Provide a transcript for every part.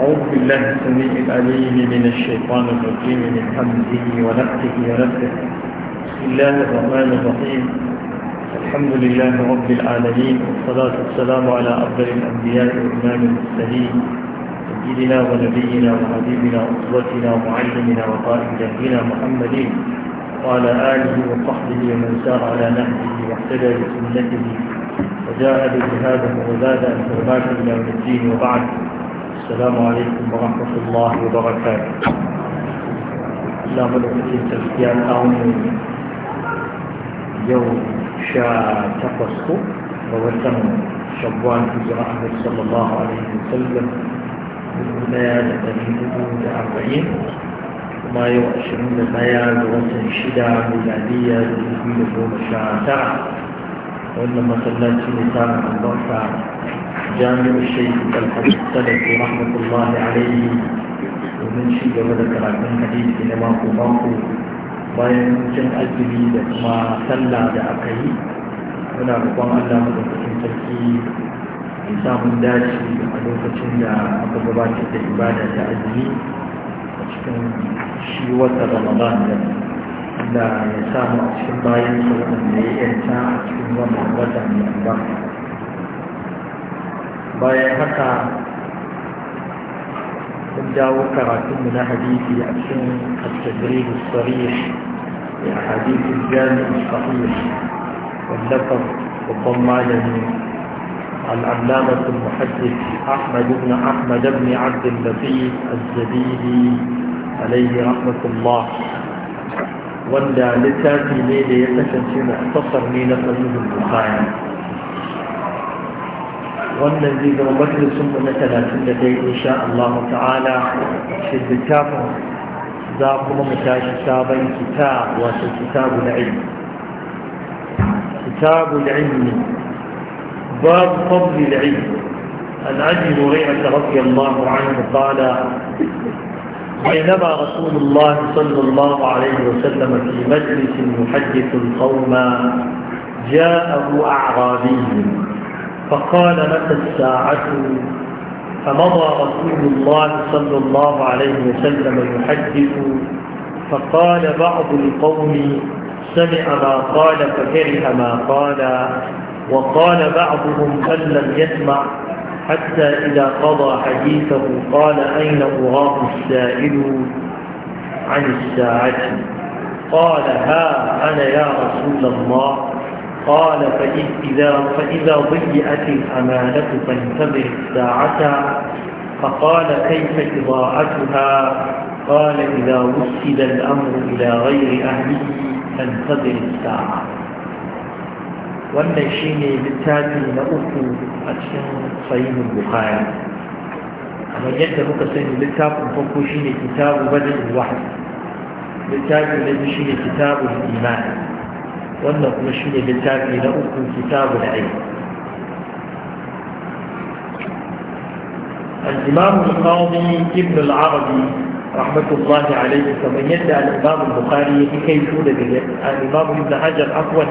أعوذ بالله السميع العليم من الشيطان الرجيم من حمده ونفسه ونفسه بسم الله الرحمن الرحيم الحمد لله رب العالمين والصلاة والسلام على أفضل الأنبياء وإمام المرسلين سيدنا ونبينا وحبيبنا وأسوتنا ومعلمنا وقائد جهدنا محمد وعلى آله وصحبه ومن سار على نهجه واهتدى بسنته وجاء جهاده وزاد أن إلى الدين وبعد السلام عليكم ورحمة الله وبركاته لا ملكة تزكية الأون يوم شاء تقصه ووتم شبوان في جرحه صلى الله عليه وسلم بالولاية التي تكون أربعين وما يؤشرون البيان وسن شدة ميلادية لتكون شاء ترى وإنما صلى الله عليه وسلم جامع الشيخ الحديث السلفي رحمة الله عليه ومن شيء قبل كراتين حديث إلى ماكو ماكو bayan cin azumi da kuma sallah da aka yi muna roƙon Allah madaukakin sarki ya samu dace a lokacin da aka gabatar da ibada da azumi a cikin shi wata ramadan da Allah ya samu a cikin bayan sauran da ya yanta a cikin wannan wata mai albarka bayan haka mun وقرات من na hadisi a التدريب الصريح لأحاديث الجامع الصحيح واللفظ والضمالة العلامة المحدث أحمد بن أحمد بن عبد اللطيف الزبيدي عليه رحمة الله وندى لتاتي ليلة يتكن في مختصر من صحيح البخاري wannan zai zama majalisun mu na talatin da dai insha Allah ta'ala shi littafin za kuma mu tashi sabon kita wato kitabu da ilmi kitabu da ilmi باب فضل العلم عن ابي هريره رضي الله عنه قال بينما رسول الله صلى الله عليه وسلم في مجلس يحدث القوم جاءه اعرابي فقال متى الساعة فمضى رسول الله صلى الله عليه وسلم يحدث فقال بعض القوم سمع ما قال فكره ما قال وقال بعضهم أن لم يسمع حتى إذا قضى حديثه قال أين أراه السائل عن الساعة قال ها أنا يا رسول الله قال فإذا, فإذا ضيئت الأمانة فانتظر الساعة فقال كيف إضاعتها؟ قال إذا وسد الأمر إلى غير أهله فانتظر الساعة والنشين بالتالي لأكو أتشن صيم البخاري ومن يتبقى سيد الكتاب شيني كتاب بدل الوحد بالتالي الذي شيني كتاب الإيمان wannan kuma shi ne كتاب العلم الإمام القاضي ابن العربي رحمة الله عليه كما يدعى الإمام البخاري لكي يكون الإمام ابن حجر أقوى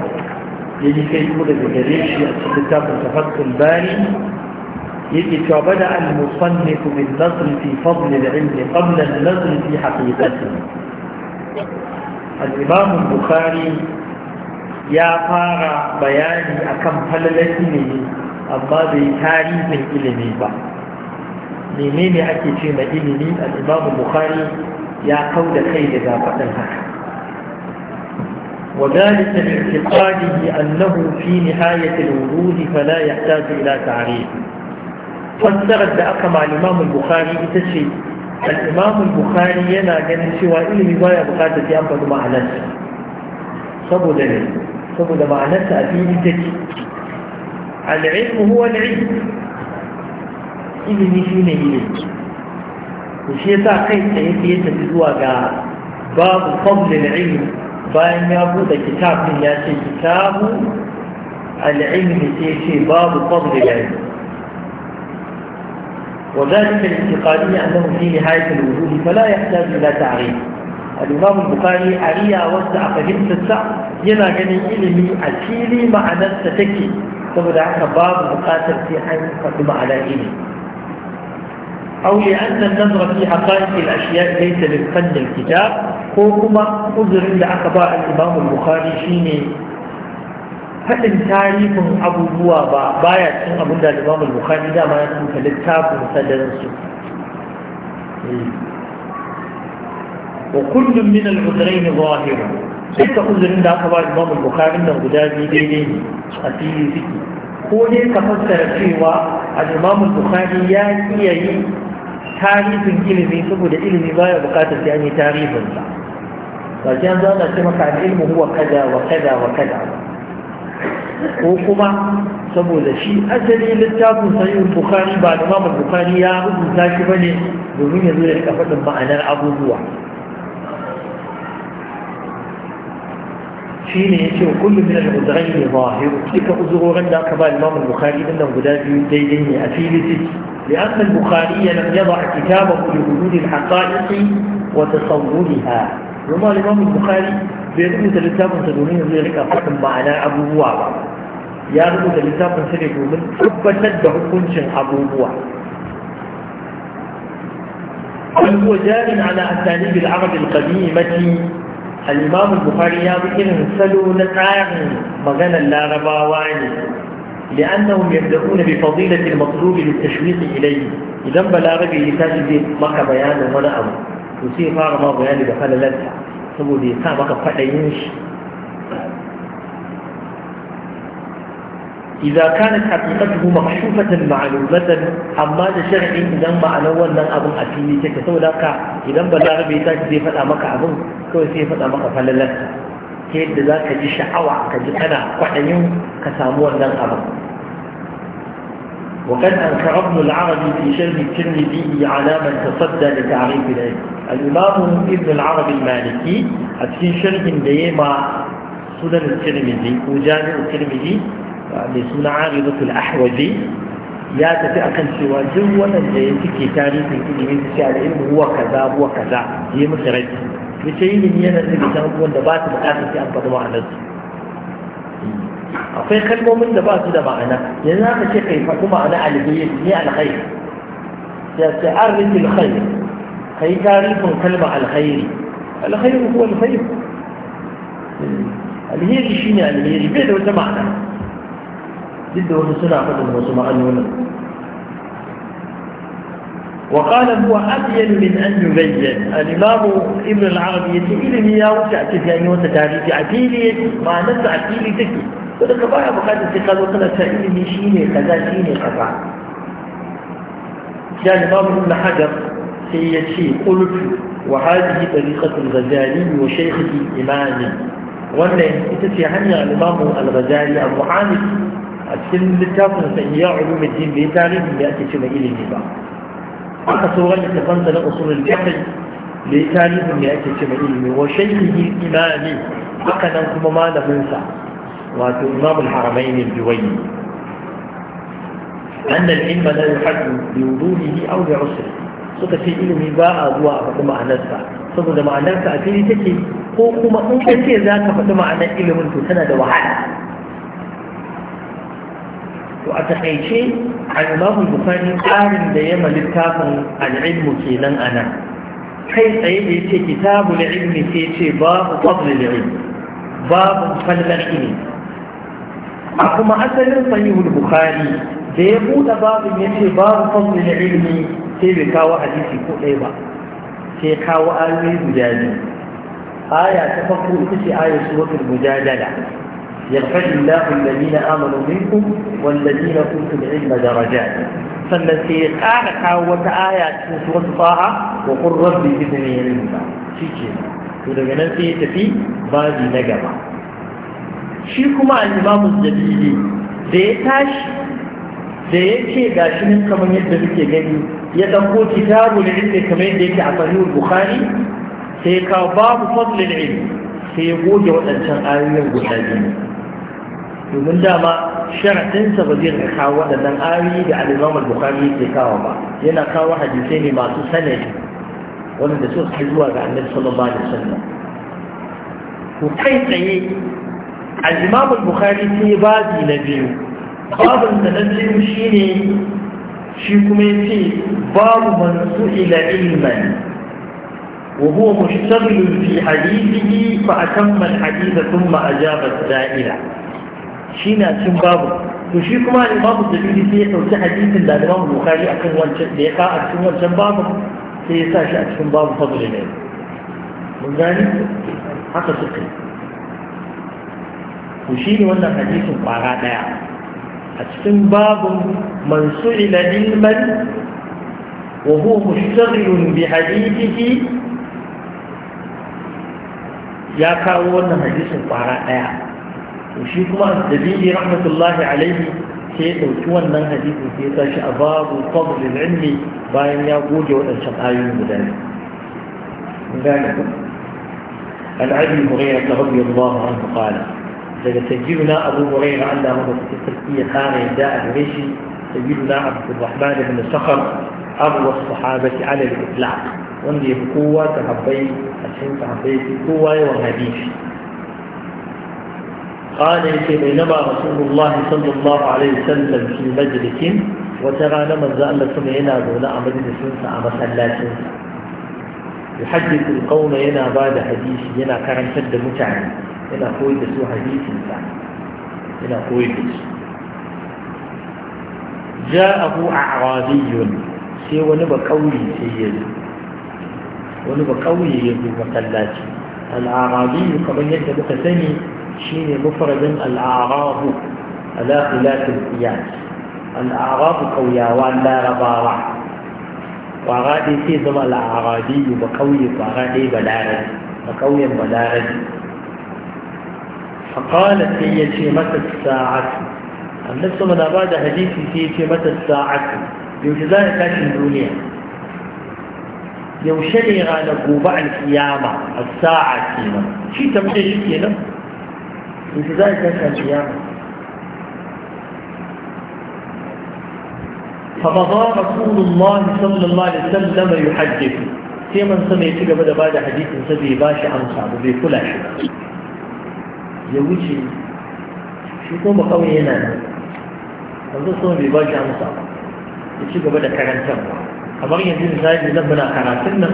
لكي يكون بجريش كتاب التفكر الباري يجي بدأ المصنف بالنظر في فضل العلم قبل النظر في حقيقته الإمام البخاري ya fara bayani akan falalar ne amma bai tarihin ilimi ba menene ake ce ma ilimi al-imam bukhari ya kau da kai daga faɗin haka وذلك لاعتقاده أنه في نهاية الوجود فلا يحتاج إلى تعريف fassarar da aka ma imamul bukhari ita ce al'imamul bukhari yana ganin cewa ilimi baya bukatar ya faɗi ma'anar saboda ne saboda ma'anarsa a fili take al'ilmu huwa al'ilm ilimi shi ne ilimi to shi yasa kai tsaye sai ya tafi zuwa ga babu fadlil ilm bayan ya buɗe kitabin ya ce kitabu al'ilmi sai ce babu fadlil ilm وذلك الانتقالية أنه في نهاية الوجود فلا يحتاج إلى تعريف al’imam bukari ariya wadda a fahimtarsa yana ganin ilimi a fili ma'anarsa take saboda haka babu bukatar sai an faɗi ma'ana ilimi aure an nan nazara fi haqaiqil ashiya kai ta bil ko kuma uzurin da aka ba al imam al shine hadin tarihin abubuwa ba baya cin abin da al imam dama ya tunka littafin sadarin wa kullum min al-udrain zahir duka uzurin da aka ba Imam Bukhari da guda biyu daidai ne a fili ciki ko dai ka fassara cewa al-Imam Bukhari ya iya yi tarihin ilimi saboda ilimi baya bukatar sai an yi tarihin sa ba sai an zauna ce maka al-ilmu huwa kada wa kada wa kada ko kuma saboda shi asali littafin sayin bukari ba da mamun bukari ya rubuta shi ba ne domin ya zo da rika faɗin ma'anar abubuwa في نيته كل من العذرين ظاهر تلك أزغورا لا كبال الإمام البخاري من الغدار ديدين أفيلته لأن البخاري لم يضع كتابه لوجود الحقائق وتصورها وما الإمام البخاري بيدو تلتاب تدونين ذلك حكم معنا أبو بوعبا يا رب تلتاب تلتاب من حب تده كنش أبو بوعبا بل هو جار على أساليب العرب القديمة الإمام البخاري يقول إن سلوا نتعاهم مغنى اللارباواني لأنهم يبدأون بفضيلة المطلوب للتشويق إليه إذا بلاغبي يتاج به مك بيان ولا أمر يصير فارما بيان بخلالتها سبو دي سامك فأينش إذا كانت حقيقته مكشوفة معلومة أما شرع إذا ما أنا ولا أبو أتيني تكتو لك إذا بلغ بيتاج زي فتا مكا أبو كو زي فتا مكا فللت كيد ذاك جي شعوع كجي أنا وحيو كسامو ولا أبو وقد أنكر ابن العربي في شرح الترمذي على من تصدى لتعريف العلم الإمام ابن العربي المالكي أتكين شرح ديما سنن الترمذي وجامع الترمذي mai suna aribatul ahwazi ya tafi akan cewa duk waɗanda ya suke tarihin ilimin su ce al'ilmu huwa kaza huwa kaza yi musu rai ya ce ilimi yana da cikin abubuwan da ba su bukatar sai an faɗi ma'anarsu akwai kalmomin da ba su da ma'ana yanzu haka ce kai faɗi ma'ana alheri ne alkhairi ya ce arifin khair kai tarihin kalma alkhairi alkhairi huwa alkhairi alheri shine alheri bai da wata ma'ana duk da wasu suna faɗin وقال هو أبين من أن يبين الإمام ابن العربي يتئلم يا وسع تفاني تاريخ عتيلي ما نسع عتيلي تكي ولك بقى بقاد استقال وقال لي شيني كذا شيني قطع كان الإمام ابن حجر شيء قلت وهذه طريقة الغزالي وشيخه إمامي وأن يتسي عني الإمام الغزالي أبو حامد a cikin littafin sa iya ulumul din bai tarihi da ake cewa ilimi ba aka sauran littafin sa na usulul fiqh bai tarihi da ake cewa ilimi wa shaykhihi imami haka nan kuma malamin sa wato imamul haramain al-juwayni أن العلم لا يحد بوضوحه أو بعسره suka ce ilimi ba a zuwa a faɗi ma'anarsa saboda ma'anarsa a fili take ko kuma in ka ce za ka faɗi ma'anar ilimin to tana da wahala to a taƙaice al-imamu bukari tsarin da ya littafin al'ilmu nan a nan kai tsaye da ya ce kitabu da ilmi sai ce babu fadli da ilmi babu fallar ilmi a kuma asalin sahihul bukari da ya buɗe babin ya ce babu fadli da ilmi sai bai kawo hadisi ko ɗaya ba sai kawo ayoyi guda biyu aya ta farko ita ce ayar suratul mujadala يرفع الله الذين آمنوا منكم والذين أوتوا العلم درجات sannan sai ya ƙara kawo wata aya cikin suratul taha wa qur rabbi zidni ilma shike to daga nan sai ya tafi babi na gaba shi kuma al-imam az da ya tashi da ya kamar yadda muke gani ya dauko kitabul ilmi kamar yadda yake a sahihul bukhari sai ya kawo babu fadlil ilmi sai ya goge waɗancan ayoyin guda biyu domin dama sharaɗinsa ba zai kawo waɗannan ayoyi da al'imam al-bukhari yake kawo ba yana kawo hadisai ne masu sanadi wanda suka kai zuwa ga annabi sallallahu alaihi wasallam Ku kai tsaye al-imam al-bukhari sai babi na biyu babin da na biyu shine shi kuma ya ce babu man su'ila ilman وهو مشتغل في حديثه فأتم الحديث ثم أجاب السائلة shi na cin babu to shi kuma imamu dalili sai ya ɗauki hadisin da imamu bukari a kan wancan da ya ka a cikin wancan babu sai ya sa shi a cikin babu fadul ne mun gani haka suka yi to shi ne wannan hadisin kwara ɗaya a cikin babun man su'ila ilman وهو مشتغل بحديثه يا كاو wannan hadisin kwara daya to shi kuma asdabili rahmatullahi alaihi sai ya ɗauki wannan hadisin sai ya tashi a babu fadlil ilmi bayan ya goge waɗancan ayoyin guda biyu عن ابي هريره رضي الله عنه قال daga sayyiduna abu huraira Allah mu da sarki ya kare da a gare shi sayyiduna abdurrahman ibn sakhar abu sahabati ala al-islam wanda ya kowa sahabbai a cikin sahabbai kowa yawan hadisi قال لك بينما رسول الله صلى الله عليه وسلم في مجلس وترى لما زال ثم ينادون عمد نسنس عمس يحدث القوم هنا بعد حديث هنا كان سد متعن هنا قوي بسو حديث هنا قوي بسو جاءه أعرابي sai wani قوي سيد ونبا قوي zo wani ba قبل ya zo شين مفرد الأعراب على خلاف القياس الأعراب قوياوان لا ربارة وغادي في زم الأعرابي بقوي وغادي بلارد بقوي بلارد فقالت هي في متى الساعة النفس من أراد حديثي في في متى الساعة يوجد ذلك في الدنيا يوشني غانا قوبع القيامة الساعة كينا شي تمشي كينا yanzu za a tashi kunun ma رسول الله صلى الله عليه وسلم يحدث sai man sama ya ci gaba da bada hadisin sa bai bashi amsa ba bai kula shi ba ya wuce shi kuma kawai yana nan wanzu sama bai bashi amsa ba ya ci gaba da karantar ba. kamar yanzu misali zan muna karatun nan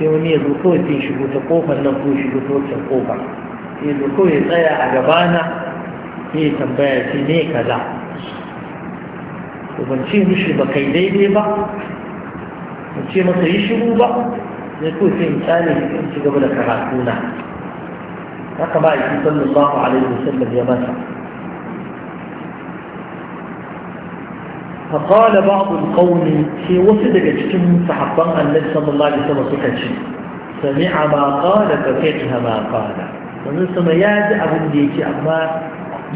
sai wani ya zo kawai sai shigo ta kofar nan ko shigo ta wancan kofar ya zo kawai tsaya a gabana ya tambaya ce ne kaza ban ce mishi ba kai daidai ba ban ce masa yi shiru ba ya ko sai in tsare in ci gaba da karatu na haka ba yake sallallahu alaihi wasallam ya masa فقال بعض القوم في وسط جتكم صحبان النبي صلى الله عليه وسلم سمع ما قال ففقه ما قال wannan sama ya ji abin da ya ce amma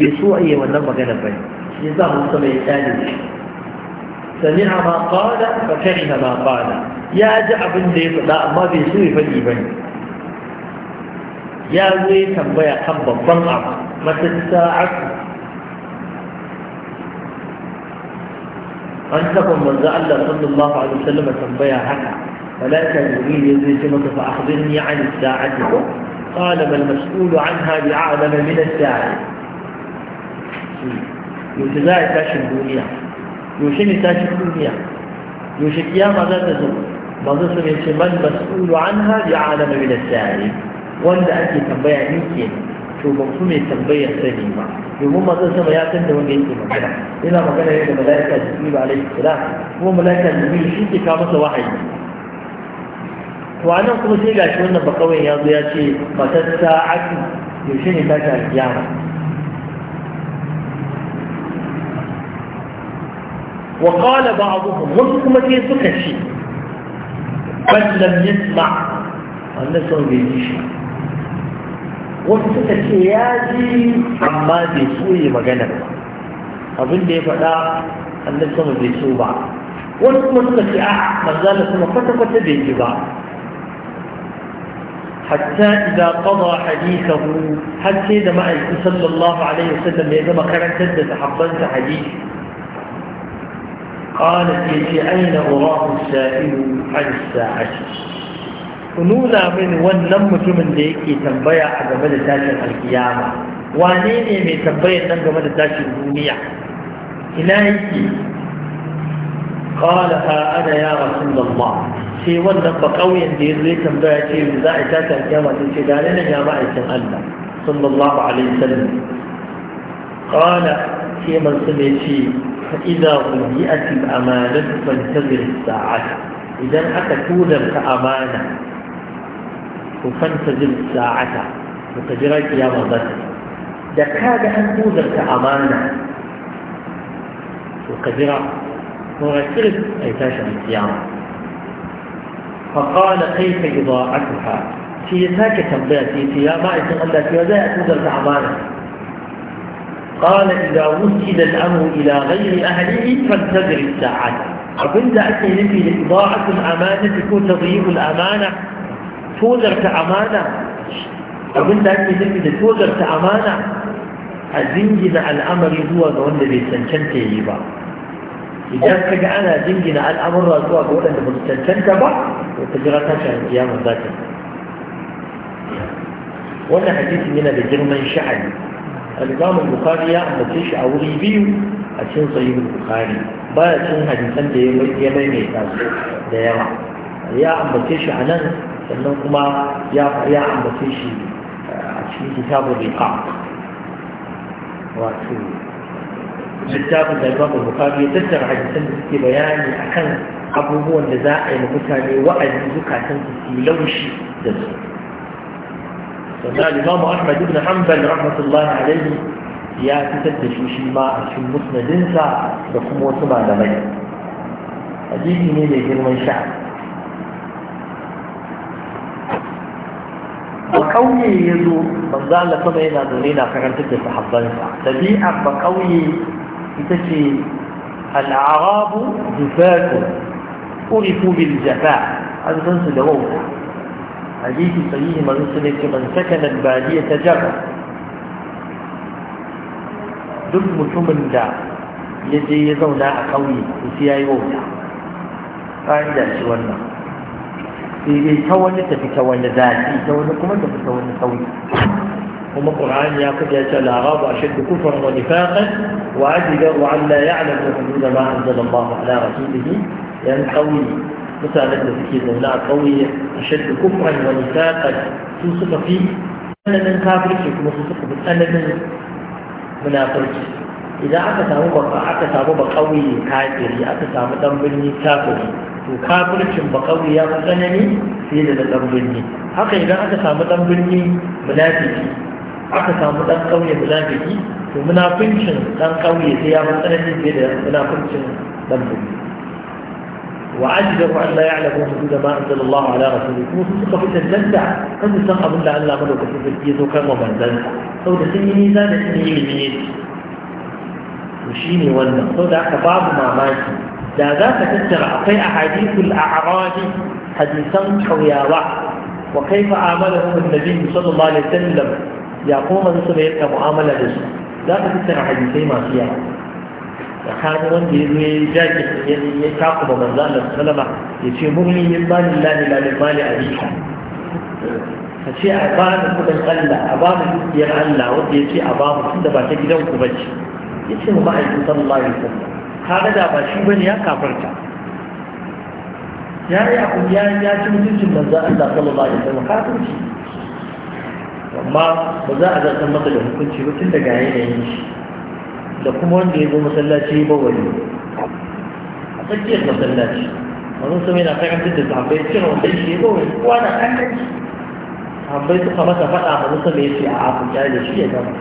bai so a yi wannan magana ba shi ya sa mun sama ya kyale shi a ma qala fa kariha ma qala ya ji abin da ya faɗa amma bai so ya faɗi ba ya zo ya tambaya kan babban abu mata sa'atu an taɓa manzo Allah sallallahu alaihi wasallam tambaya haka malaika jibril ya zai ya ce maka fa akhbirni an sa'ati قال ما المسؤول عنها بأعلم من الداعي yaushe za a tashin duniya yaushe ne tashin duniya yaushe kiyama za ta zo ba zai su ce man mas'ulu an ha a alama bi da sai wanda ake tambaya ni ke to ban su mai tambayar sani ba domin manzo sama ya san da wanda yake magana yana magana ne da malaika jibril alaihi salam kuma malaika jibril shi ke kawo masa wahayi to anan kuma sai ga shi wannan bakawai ya zo ya ce matatta aki yaushe ne ta tashi alkiyama wa ba ba'dhum wasu kuma sai suka ce bal lam yasma wannan sun bai ji shi wasu suka ce ya ji amma bai so yi magana ba abin da ya faɗa annabi sama bai so ba wasu kuma suka ce a manzala kuma kwata-kwata bai ji ba حتى إذا قضى حديثه حتى إذا ما صلى الله عليه وسلم إذا ما كانت تدى تحبنت حديثه قالت يجي أين أراه السائل عن الساعة ونونا من ونم جمن da تنبيع على مدى تاشر القيامة وانين alkiyama تنبيع ne مدى تاشر الدنيا إلهي قالها آه، أنا يا رسول الله sai wannan ba ƙauyen da ya zai tambaya ce za a tata alkiyama sai ce gane nan ya ma'aikin Allah sallallahu alaihi wasallam qala sai man su ne ce fa idza qudiyat al amanatu fantazir sa'ata idan aka tura ka amana ku fantazir sa'ata ku jira kiyama za ta da ga an tura ka amana ku jira ko a ai tashi kiyama فقال كيف إضاعتها في ساكة تنبيتي يا مائة الله في وزاء أتوزر تعبانا قال إذا وسد الأمر إلى غير أهله فانتظر الساعة أبدا أتي نفي إضاعة الأمانة تكون تضييق الأمانة توزر كأمانة أبدا أتي نفي توزر كأمانة أزنجنا الأمر هو ذو النبي سنشنته يبا idan ka ga ana jingina al'amurra zuwa ga waɗanda ba su cancanta ba to ka jira tashi a kiyama za wannan hadisin yana da girman sha'ani al-imam ya ambace shi a wuri biyu a cikin sahih bukhari baya cin hadisan da ya maimaita su da yawa ya ambace shi a nan sannan kuma ya ambace shi a cikin kitabul riqaq wato littafin da Imam Bukhari ya tattara hadisan da suke bayani akan abubuwan da za a yi mutane wa'azi zukatan su su laushi da su sannan Imam Ahmad ibn Hanbal rahmatullahi alaihi ya fitar da shi shi ma a cikin musnadinsa da kuma wasu malamai hadisi ne mai girman sha ba kauye ya zo manzo Allah sama yana zaune na karantar da sahabbansa tabi'a ba kauye ita ce al'arabu zufatu urifu bil jafa an san su da wauta hadisi sahihi manzo sun ce man sakana badiya ta jarra duk mutumin da ya je ya zauna a ƙauye, to sai yi wauta fa'ida shi wannan sai dai ta wani tafi ta wani zafi ta wani kuma tafi ta wani sauyi kuma qur'ani ya kaje ta al-arabu ashaddu kufran wa nifaqan wa ajidaru an la ya'lamu hudud ma anzala Allah ala rasulihi yan qawi mutanen da suke zaune a ƙauye a ashaddu kufran wa nifaqan su suka fi tsananin kafirci kuma su suka fi tsananin munafurci idan aka samu ba aka samu bakauye kafiri aka samu dan birni kafiri to kafircin ƙauye ya fi tsanani fiye da dan birni haka idan aka samu dan birni munafiki aka samu dan kauye munafiki to munafincin dan kauye sai ya matsananci fiye da munafincin ɗan birni وعجبه أن لا يعلموا حدود ما أنزل الله على رسوله كما سبق في الجنة أن تسمع أبن الله من وكفر بالكيز وكم ومن ذلك سو ده سنة ميزان سنة يميز وشيني وانا سو ده كباب ما ماشي ده ذاك تتر أقي أحاديث الأعراض حديثا حياوة وكيف آمنهم النبي صلى الله عليه وسلم ya koma su da yadda mu'amala da su za ka tana hadisai masu yawa Da tsakanin wanda ya zo ya jaki ya ba manzo Allah salama, ya ce murni min bani lani lani lil a rika ka ce a ba ni kudin Allah a ba dukiyar Allah wanda ya ce a ba mu da ba ta gidan ku bace ya ce mu ma'aikin sallallahu alaihi wasallam ka da ba shi bane ya kafarta ya yi abu ya ci mutuncin manzo Allah sallallahu alaihi wasallam amma ba za a zartar masa da hukunci ba tun daga yanayin shi da kuma wanda ya zo masallaci ba wani a tsakiyar masallaci wani sami na karantar da sahabbai cin wanda shi ba wani kuwa na karanci sahabbai suka masa faɗa ba musa mai ce a abu ya da shi ya gama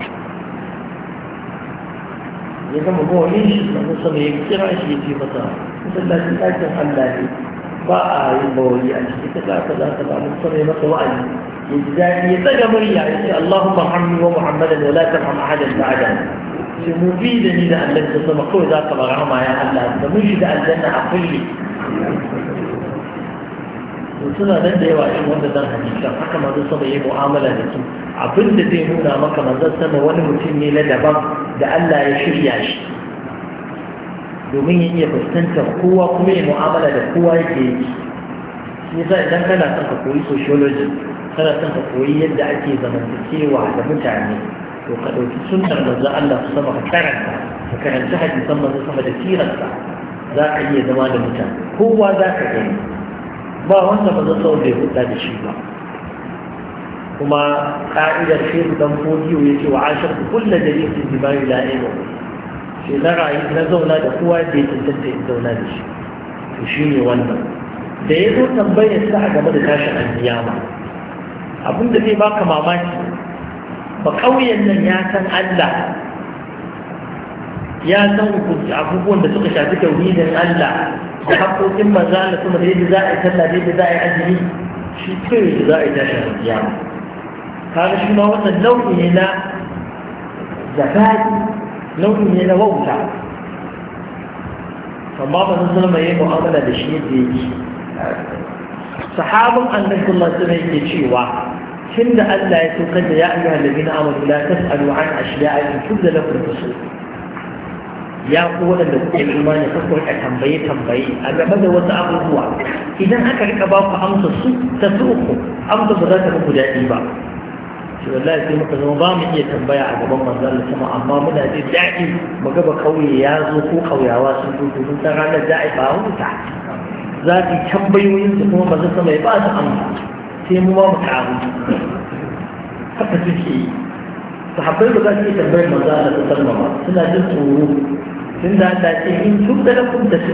ya gama ba wani shi na musa mai kira shi ya ce masa masallaci ɗakin allah ne ba a yi bawali a cikin ta kasa za ta ba mun sami masa wa'azi ya ji daɗi ya tsaga murya ya ce Allahumma hamni wa Muhammadan wa la tarham ahadan ba'da sai mu bi da ni da Allah ta sama kawai za ka bar rahama ya Allah da mun da aljanna a kulli suna nan da yawa irin wanda zan hadisa haka manzo sama yayi mu'amala da su abinda zai nuna maka manzo sama wani mutum ne na daban da Allah ya shirya shi domin ya iya fuskantar kowa kuma ya mu'amala da kowa yake yi shi yasa idan kana son ka koyi sociology kana son ka koyi yadda ake zamantakewa da mutane to ka ɗauki sunnar manzo Allah su sama ka karanta ka karanci hadisan manzo sama da sirarsa za ka iya zama da mutane kowa za ka gani ba wanda manzo sama bai hulɗa da shi ba kuma ka'idar shehu dan fodiyo ya ce wa ashar kullu dalilin jima'i la'ilu ce na na zauna da kowa da ya tantance in zauna da shi to shi ne wannan da ya zo tambayar sa a game da tashin alkiyama abin da zai baka mamaki ba ƙauyen nan ya san Allah ya san abubuwan da suka shafi tauhidin Allah da haƙoƙin manzo Allah kuma da yadda za a yi sallah da yadda za a yi azumi shi kawai da za a yi tashin alkiyama kaga shi ma wannan nau'i ne na zakati nau'i ne na wauta amma ba sun sulma yi mu'amala da shi yadda yake sahabin annabi sallallahu alaihi wasallam yake cewa tun da Allah ya saukar da ya ayyuhal ladina amanu la tas'alu an ashiya'a in tudda lakum su. ya ku waɗanda kuke imani kuka rika tambaye tambaye a game da wasu abubuwa idan aka rika ba ku amsa su ta su uku amsa ba za ta muku daɗi ba shi wallahi sai muka zama ba mu iya tambaya a gaban manzon Allah sama amma muna ji daɗi mu ga ba kauye ya zo ko kauyawa sun gudu sun san ranar za a ba wuta za su tambayoyin su kuma manzon sama ya ba su amsa sai mu ba mu karu haka suke yi sahabbai ba za su iya tambayar manzon Allah ta sallama ba suna jin tsoro Sun da Allah ce in tun da lakum da su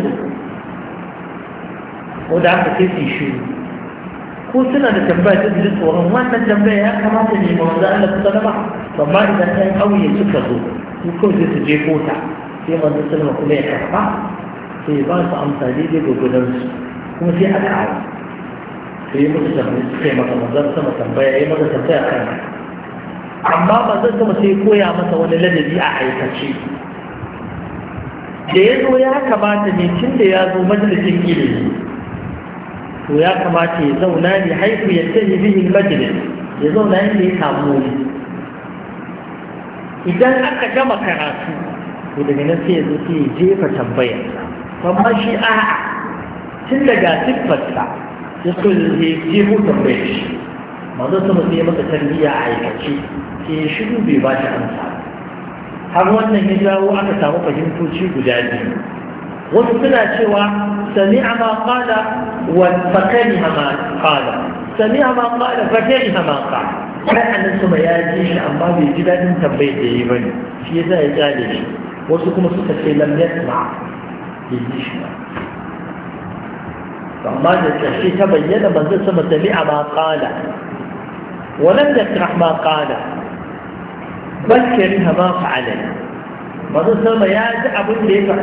ko da aka sai su yi shiru ko suna da tambaya ta jiri tsoron wannan tambaya ya kamata ne ma wanzu Allah kusa nama amma idan ɗan ƙauye suka zo su kawai sai su je kota sai manzo sallama kuma ya karɓa sai ba su amsa daidai gudansu, kuma sai aka awo sai musu tambaya suka yi maka manzo sama tambaya ya yi maka tambaya kan amma ba manzo sama sai koya masa wani ladabi a aikace da ya zo ya kamata ne tun da ya zo majalisin ilimi to ya kamata ya zauna ne haifu ya tsaye bihin majalis ya zauna inda ya samu wuri idan aka gama karatu to daga nan sai ya zo sai ya jefa tambayar amma shi a'a tun daga siffarsa ya so ya jefo tambayar shi manzo sama sai ya masa tarbiyya a aikace sai ya shiru bai ba shi amsa har wannan ya jawo aka samu fahimtoci guda biyu wasu suna cewa sami'a ma kada وفكرها ما قال سمعها ما قال فكرها ما قال فأنا سمع يأتي أما يجب أن تنبيه ديوان في ذا يجالش وسكم سكت لم يسمع يجيش ما فأما يتحشي تبين من ذا سمع سمع ما قال ولم يكره ما قال بكرها ما فعل من ذا سمع يأتي أبو يجب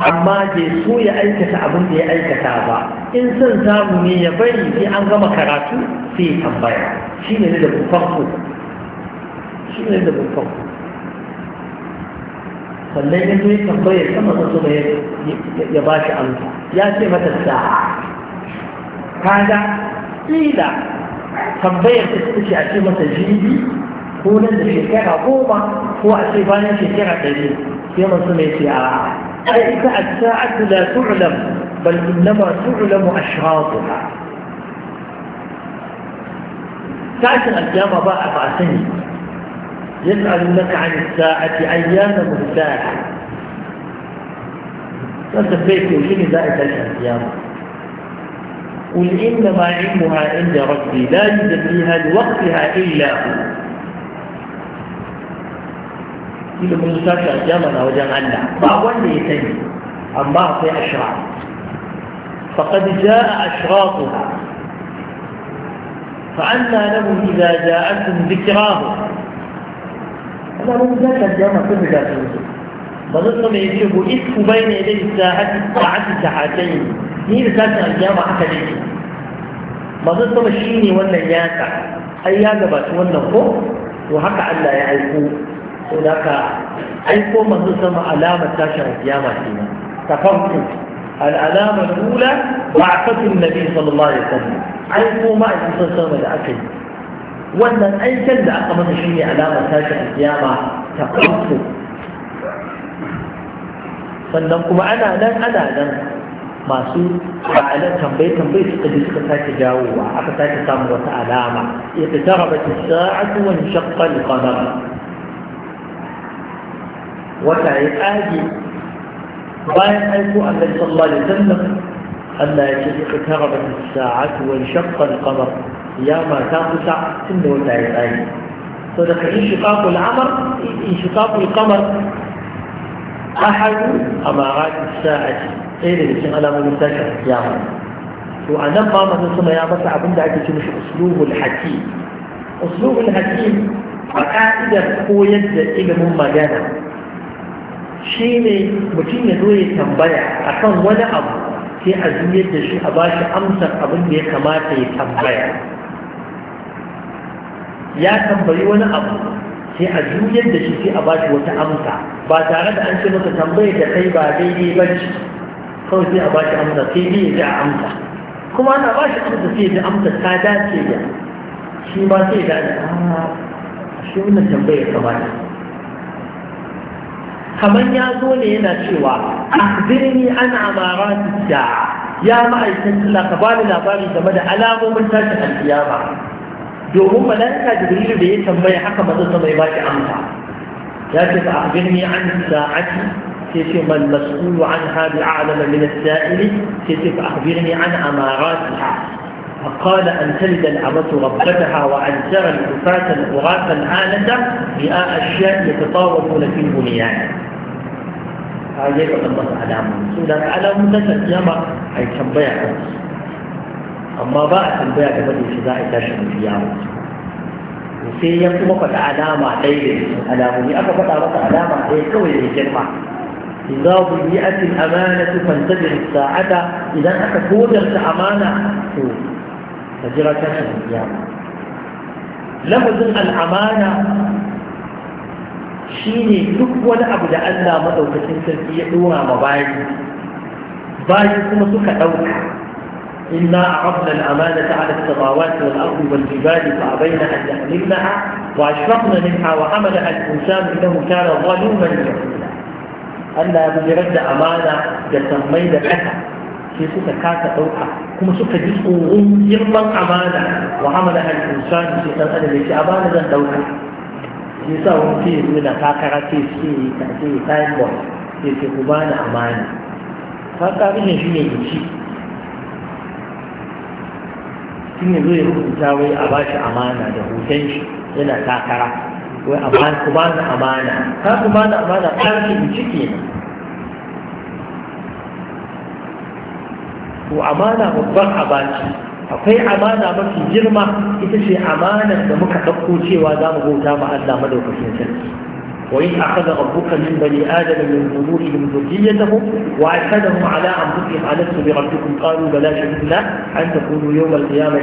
amma bai so ya aikata abin da ya aikata ba in son samu ne ya bari sai an gama karatu sai tambaya shi ne da farko shi ne da farko sannan ya zo ya tambaya sama da zuba ya ba shi amsa ya ce mata sa'a kaga ƙila tambayar ta ce a ce mata jibi ko nan da shekara goma ko a ce bayan shekara ɗari sai masu mai ce a'a أي الساعة لا تعلم بل إنما تعلم أشراطها ساعة القيامة بقى يسأل يسألونك عن الساعة أيام مرساها فسبيت وشين ساعة الأيام قل إنما علمها عند ربي لا يدريها لوقتها إلا هو ilimin sashi a kiyama na wajen Allah ba wanda ya sani amma akwai ashra faqad jaa ashraquha fa anna lahu idza ja'atuhum dhikrahu ana mun zaka kiyama sun da su ba zan so mai ce ko isku bayne da sa'ati sa'ati sa'atayn ni da sashi a kiyama haka ne ba zan so shine wannan yaka ai ya gabata wannan ko to haka Allah ya aiko to da ka aiko manzo sama alamar tashin kiyama ce ne tafakkur al'alama ba al'ula ba'atun nabi sallallahu alaihi wasallam aiko ma aiko sama da aka yi wannan aikin da aka masa shine alamar tashin kiyama tafakkur sannan kuma ana nan ana nan masu ba'alar tambaye tambaye suka ji suka sake jawowa aka sake samun wata alama ya fi taraba ta sa'atu wani shakkar kamar وتعي آجي بعد أنكو أن صلى الله عليه وسلم أن اقتربت الساعة وانشق القمر يا ما تاقسع إنه تعي آجي صدق انشقاق العمر انشقاق القمر أحد أمارات الساعة إيه اللي بيسمى لما منتشر يا ما وأنا ما منصم يا ما صعبون ده كتير أسلوب الحكيم أسلوب الحكيم وقاعدة قوية إلى مما جانا shi ne mutum ya zo ya tambaya akan wani abu sai a juyar da shi a ba shi amsar abin da ya kamata ya tambaya ya tambayi wani abu sai a juyar da shi sai a ba shi wata amsa ba tare da an ce maka tambayar da kai ba daidai ba ce kawai sai a ba shi amsa sai dai ya ji a amsa kuma ana ba shi amsa sai ya amsa ta dace da shi ba sai ya gane a ah, shi wannan tambayar kamata kamar ya zo ne yana cewa akhbirni an amarati da ya ma'aikin Allah ka bani labari game da alamomin tashin alkiyama domin malaika jibril da ya tambaya haka maza zama ya baki amsa ya ce fa birni an sa'ati sai ce man mas'ulu an a a'lama min saili sai ce fa birni an amaratiha فقال أن تلد العبة ربتها وأن ترى الكفاة الغراة الآلة بأ أشياء يتطاوفون في البنيان هذا يبقى الله علامة على علامة تتجمع أي تنبيع أما بعد تنبيع بدي شداء تاشم في sai وفي kuma faɗa علامة ليلة على مني أكبر aka علامة masa alama ɗaya إذا ضيئت الأمانة idza الساعة إذا أكبر sa'ata تجرى تشهر الجامعة لفظ الأمانة شيني تكوى لأبدا أن لا مدوكة تنسلتي دورا مبايد بايد كما سكى دوكا إنا أعرضنا الأمانة على السماوات والأرض والجبال فأبينا أن يحملنها وأشرقنا منها وحملها الإنسان إنه كان ظلوما جهولا أن لا بجرد أمانة جسمين لك في سكى كاسة kuma suka ji tsoron girman amana wa hamala hal insani sai dan adam yake amana zan dauka shi yasa wani ke yi na takara ce ce ta ce time boy ke ce ku bani amana ta tarihin shi ne gici shi ne zai rubuta wai a ba shi amana da hoton shi yana takara wai amana ku bani amana ka ku bani amana ƙarfi gici kenan to amana babban abaci akwai amana mafi girma ita ce amanar da muka ɗauko cewa za mu bauta ma Allah madaukakin sarki وإن أخذ ربك من بني آدم من ظهورهم ذريتهم وأشهدهم على أنفسهم ألست بربكم قالوا بلى شهدنا أن تقولوا يوم القيامة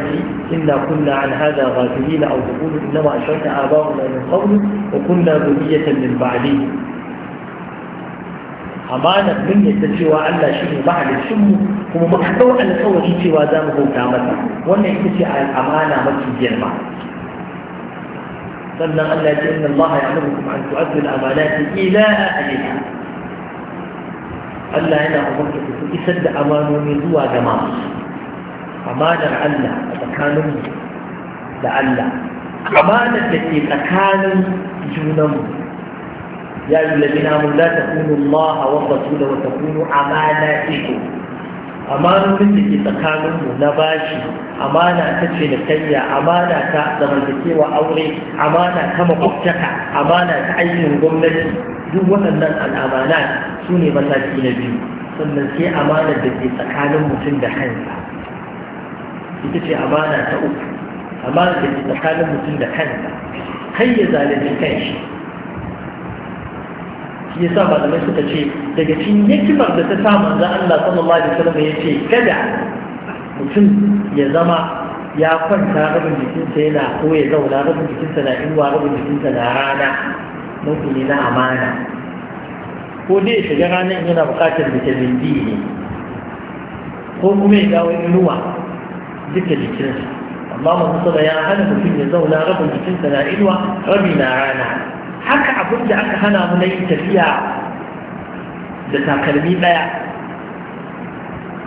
إنا كنا عن هذا غافلين أو تقولوا إنما أشرك آباؤنا من قبل وكنا ذرية من بعدهم amanar mun yadda cewa Allah shi ne mahalicin mu kuma muka dau alƙawari cewa za mu bauta masa wannan ita ce amana mafi girma sannan Allah ya ce inna Allah kuma an tu'addu al-amanati ila ahliha Allah yana umarta ku isar da amanoni zuwa ga masu amanar Allah a tsakanin da Allah amanar da ke tsakanin junanmu يا أيها الذين آمنوا لا تكونوا الله والرسول وتكونوا أماناتكم amanonin da ke tsakaninmu na bashi amana ta ce da kayya amana ta zamantakewa aure amana ta makwabtaka amana ta aikin gwamnati duk waɗannan al'amana su ne mataki na biyu sannan sai amana da ke tsakanin mutum da kansa ita ce amana ta uku amana da ke tsakanin mutum da kansa kai ya shi yasa malamai suka ce daga cikin hikimar da ta samu manzo Allah sallallahu alaihi wasallam ya ce kada mutum ya zama ya kwanta rabin jikinsa yana ko ya zauna rabin jikinsa na inuwa rabin jikinsa na rana nau'i ne na amana ko dai ya shiga ranar yana bukatar vitamin D ne ko kuma ya dawo inuwa duka jikinsa amma mutum ya hana mutum ya zauna rabin jikinsa na inuwa rabi na rana haka abin da aka hana mu na yin tafiya da takalmi ɗaya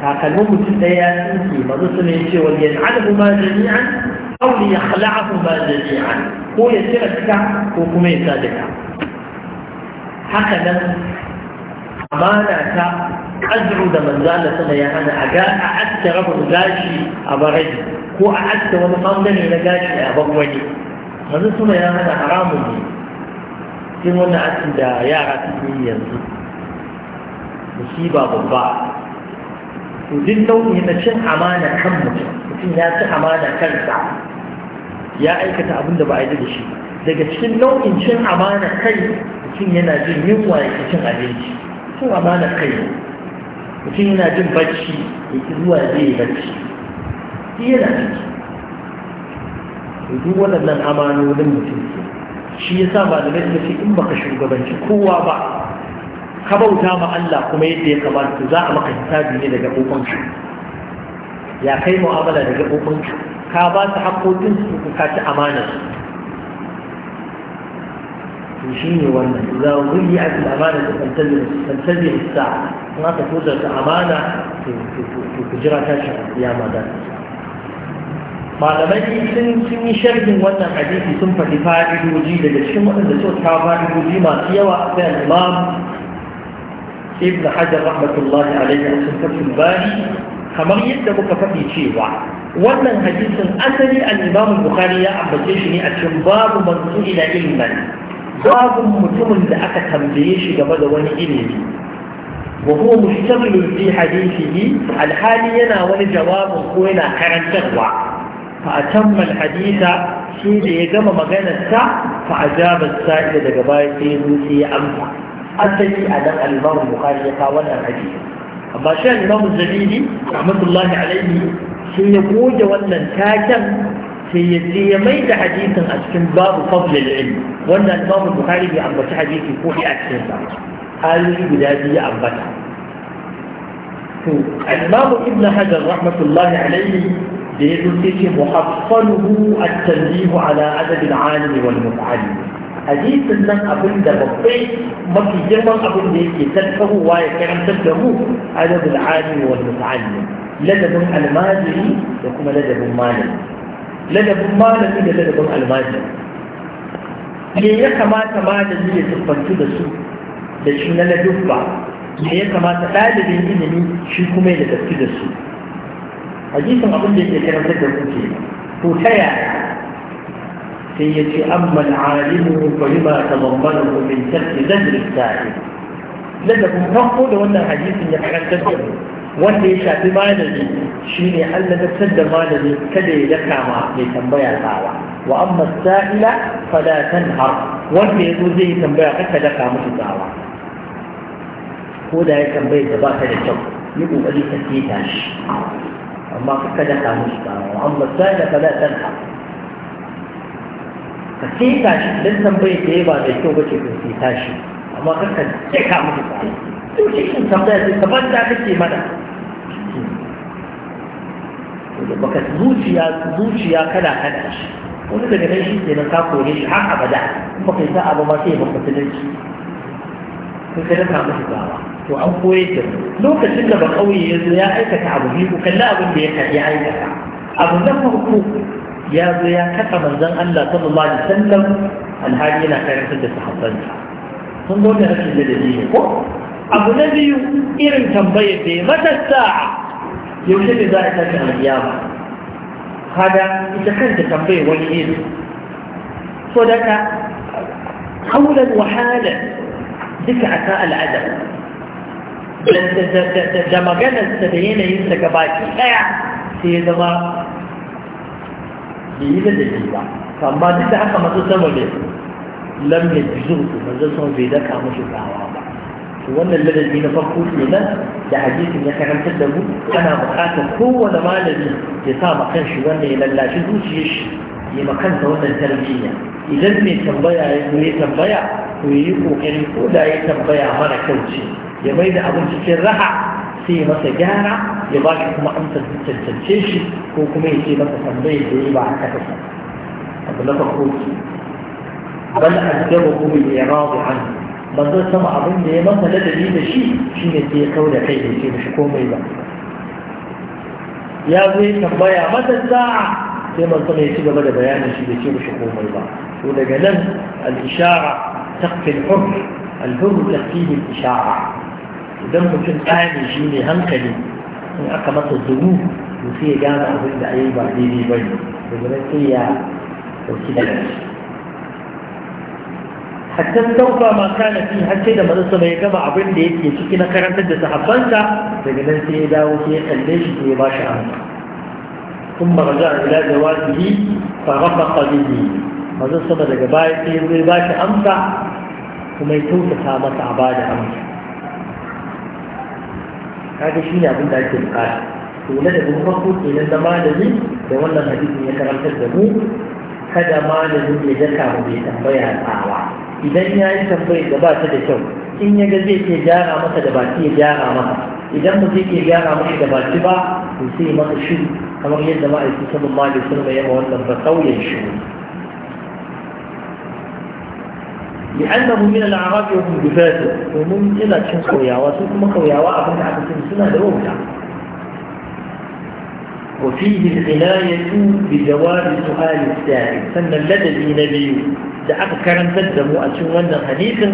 takalmin mutum ɗaya ya tsinke mazu su ne ce wani yana alamu ma jami'an aw ya yakhla'ahu ma jami'an ko ya cire duka ko kuma ya sa duka haka nan amana ta azru da manzala sana ya hana a ga a aske rabin gashi a baraji ko a aske wani bangare na gashi a ban wani manzo suna ya hana haramun ne cikin wannan aikin da yara suke yi yanzu musiba babba to duk nau'i na cin amana kan mutum mutum ya ci amana kansa ya aikata abin da ba a yi da shi daga cikin nau'in cin amana kai mutum yana jin yunwa ya cin abinci cin amana kai mutum yana jin bacci ya ki zuwa zai yi bacci shi yana ciki duk waɗannan amanonin mutum ke shi ya sa malamai suka ce in baka shugabanci kowa ba ka bauta ma Allah kuma yadda ya kamata za a maka hisabi ne daga ƙofanci ya kai mu'amala daga ƙofanci ka ba su haƙoƙin su ka ci amana to shi ne wannan za mu yi aiki cikin amana da fantazin sa in aka tozarta amana to ku jira tashin ya ma za malamai sun sun yi sharhin wannan hadisi sun faɗi fa'idoji daga cikin waɗanda suka kawo fa'idoji masu yawa sai al-imam ibn hajar rahmatullahi alaihi a cikin fatul kamar yadda muka faɗi cewa wannan hadisin asali al-imam bukhari ya ambace shi ne a cikin babu man su'ila ilman babu mutumin da aka tambaye shi game da wani ilimi وهو مشتغل في حديثه الحالي ينا ولجواب كوينا كرنتوا فأتم الحديث شيء يقام مغانا الساعة فأجاب السائل لقبائل سيدوسي أمسا أتلي أدم الإمام البخاري يتاولى الحديث أما شاء الإمام الزبيدي رحمة الله عليه سيقود وأن تاكم سيدي يميد حديثا أسكن باب فضل العلم وأن الإمام البخاري بأنبت حديث يكون أكثر هذه بداية أنبتها الإمام ابن حجر رحمة الله عليه da ya zuce ce muhaffanuhu a tanzihu ala adab al-alim wal mut'allim hadisin nan abin da babbai mafi girman abin da yake tattahowa ya karantar da mu adab al-alim wal mut'allim ladabin almajiri da kuma ladabin malami ladabin malami da ladabin almajiri me ya kamata malami ya tuffantu da su da shi na ladubba me ya kamata ɗalibin ilimi shi kuma ya tafi da su hadisin abin da yake karantar da kuke to ta yaya sai ya ce amma al'alimu fa lima tadammanahu min tarki zahri sa'i ladabin farko da wannan hadisin ya karantar da mu wanda ya shafi malami shine Allah ta tsada malami kada ya daka ma mai tambaya tsawa wa amma sa'ila Fadatan tanhar wanda ya zo zai tambaya kada daka musu tsawa ko da ya tambaye da ba ta da kyau yi kokari ka keta shi amma ka daka mishi ba. wa amma sai da kada tanha ka sai ka shi dan bai da ba da kyau bace ka sai ka shi amma ka ka daka mishi kara to shi tambaya sai ka banta kake mana baka zuciya zuciya kada kada shi wani daga nan shi ke nan ka kore shi har abada in baka yi sa'a ba ma sai ya baka tunanci kada ka daka mishi وأو كويتا لوكا سنة بقوي يزياء كتا عبهيه وكان لا أبن بيكا يعيكا أبن لا مركوك يا زياء كتا من ذن الله صلى الله عليه وسلم أن هذه لا كان سنة صحبان هم دون يرسل لديه أبو نبي إرن كان بيته متى الساعة يوشد ذائتا كان القيامة هذا إذا كان تكبيه وليه فدك حولا وحالا ذكعة الأدب da maganarsa da yanayinsa gabaki ɗaya sai ya zama bai yi da dake ba amma duk da haka masu sama ne lam ya ji zurku manzon sama bai daka mashi tsawa ba to wannan ladabi na farko kenan da hadisin ya karantar da mu ana buƙatar kowane malami ya sa ma kanshi wannan ya lallashi zuciyar shi ya ma kansa wannan tarbiyya idan mai tambaya ya tambaya to yi kokarin ko da ya tambaya mara kyau ce ya mai da abin cikin raha sai masa gyara ya ba shi kuma amsar cancance shi ko kuma ya ce masa tambayar da yi ba a kasa sa abu na farko ki bal addaba kuma ya rabu an manzon sama abin da ya masa ladabi da shi shine sai ya kauda kai da ce shi komai ba ya zo ya tambaya masa sa'a sai manzon ya ci gaba da bayanin shi da ce shi komai ba to daga nan al-ishara taqfi al-hukm al-hukm taqfi al-ishara idan mutum ɗani shi ne hankali in aka masa dubu to sai ya gane abin da a yi ba daidai ba ne daga nan sai ya ɗauki da shi hatta tauba ma kana fi har da manzo mai gama abin da yake ciki na karantar da sahabbansa daga nan sai ya dawo sai ya kalle shi sai ya ba shi amsa ثم رجع إلى جوازه فرفق به manzon sama daga baya sai ya ba shi amsa kuma ya kyautata masa a ba da amsa kaga shi ne abin da ake bukata to na da bin farko kenan da malami da wannan hadisin ya karantar da mu kada malamin ya jaka mu bai tambaya tsawa idan ya yi tambayi da ba ta da kyau in ya ga zai ke gyara masa da baki ya gyara masa idan mu zai ke gyara masa da baki ba to sai masa shi kamar yadda ma'aikatan sallallahu alaihi sun ya ma wannan ba sauyin shi لأنه من الأعراب يوم الجفاة ومن إلى تشن قوياوة ثم قوياوة أبن عبد سنة لوجع وفيه العناية بجواب سؤال السائل فإن الذي نبي دعك كرم تدمو أتوانا حديثا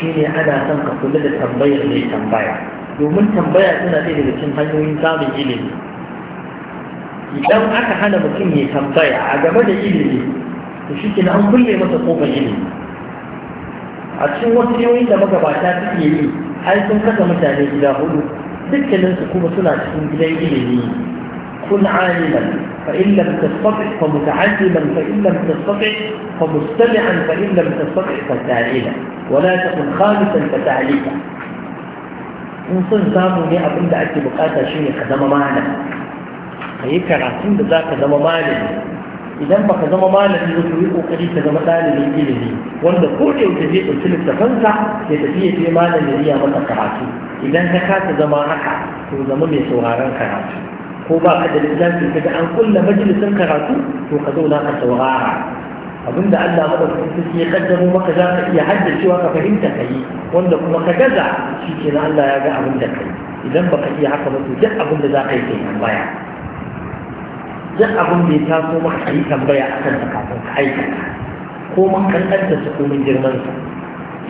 شيني أنا تنقى كل ذا تنبيع لي تنبيع domin tambaya suna ɗaya daga cikin hanyoyin samun ilimi idan aka hana mutum ya tambaya a game da ilimi to shi an kulle masa kofar ilimi a cikin wasu yoyin da magabata suke yi ai sun kasa mutane gida hudu dukkanin su kuma suna cikin gidan ilimi kun aliman fa in lam tastati fa muta'alliman fa in lam tastati fa mustami'an fa in lam tastati fa ta'ila wa la takun khamisan fa ta'lika in sun samu ne abin da ake bukata shine ka zama malam kai karatun da zaka zama malami idan baka zama malami ba ku yi kokari ka zama ɗalibin ilimi wanda ko da yaushe zai ɗauki littafansa ya tafi ya je malami ya masa karatu idan ka kasa zama haka to zama mai sauraron karatu ko ba ka da littafin kaga an kulla majalisin karatu to ka zauna ka saurara abinda Allah madaukakin sarki ya kaddamo maka za ka iya haddacewa ka fahimta ka yi wanda kuma ka gaza shi kenan Allah ya ga abin da ka yi. idan baka iya haka ba to duk abin da za ka yi kai baya duk abin da ya taso maka ka yi tambaya a kan kafin ka aika ko mun kankanta su ko mun girman su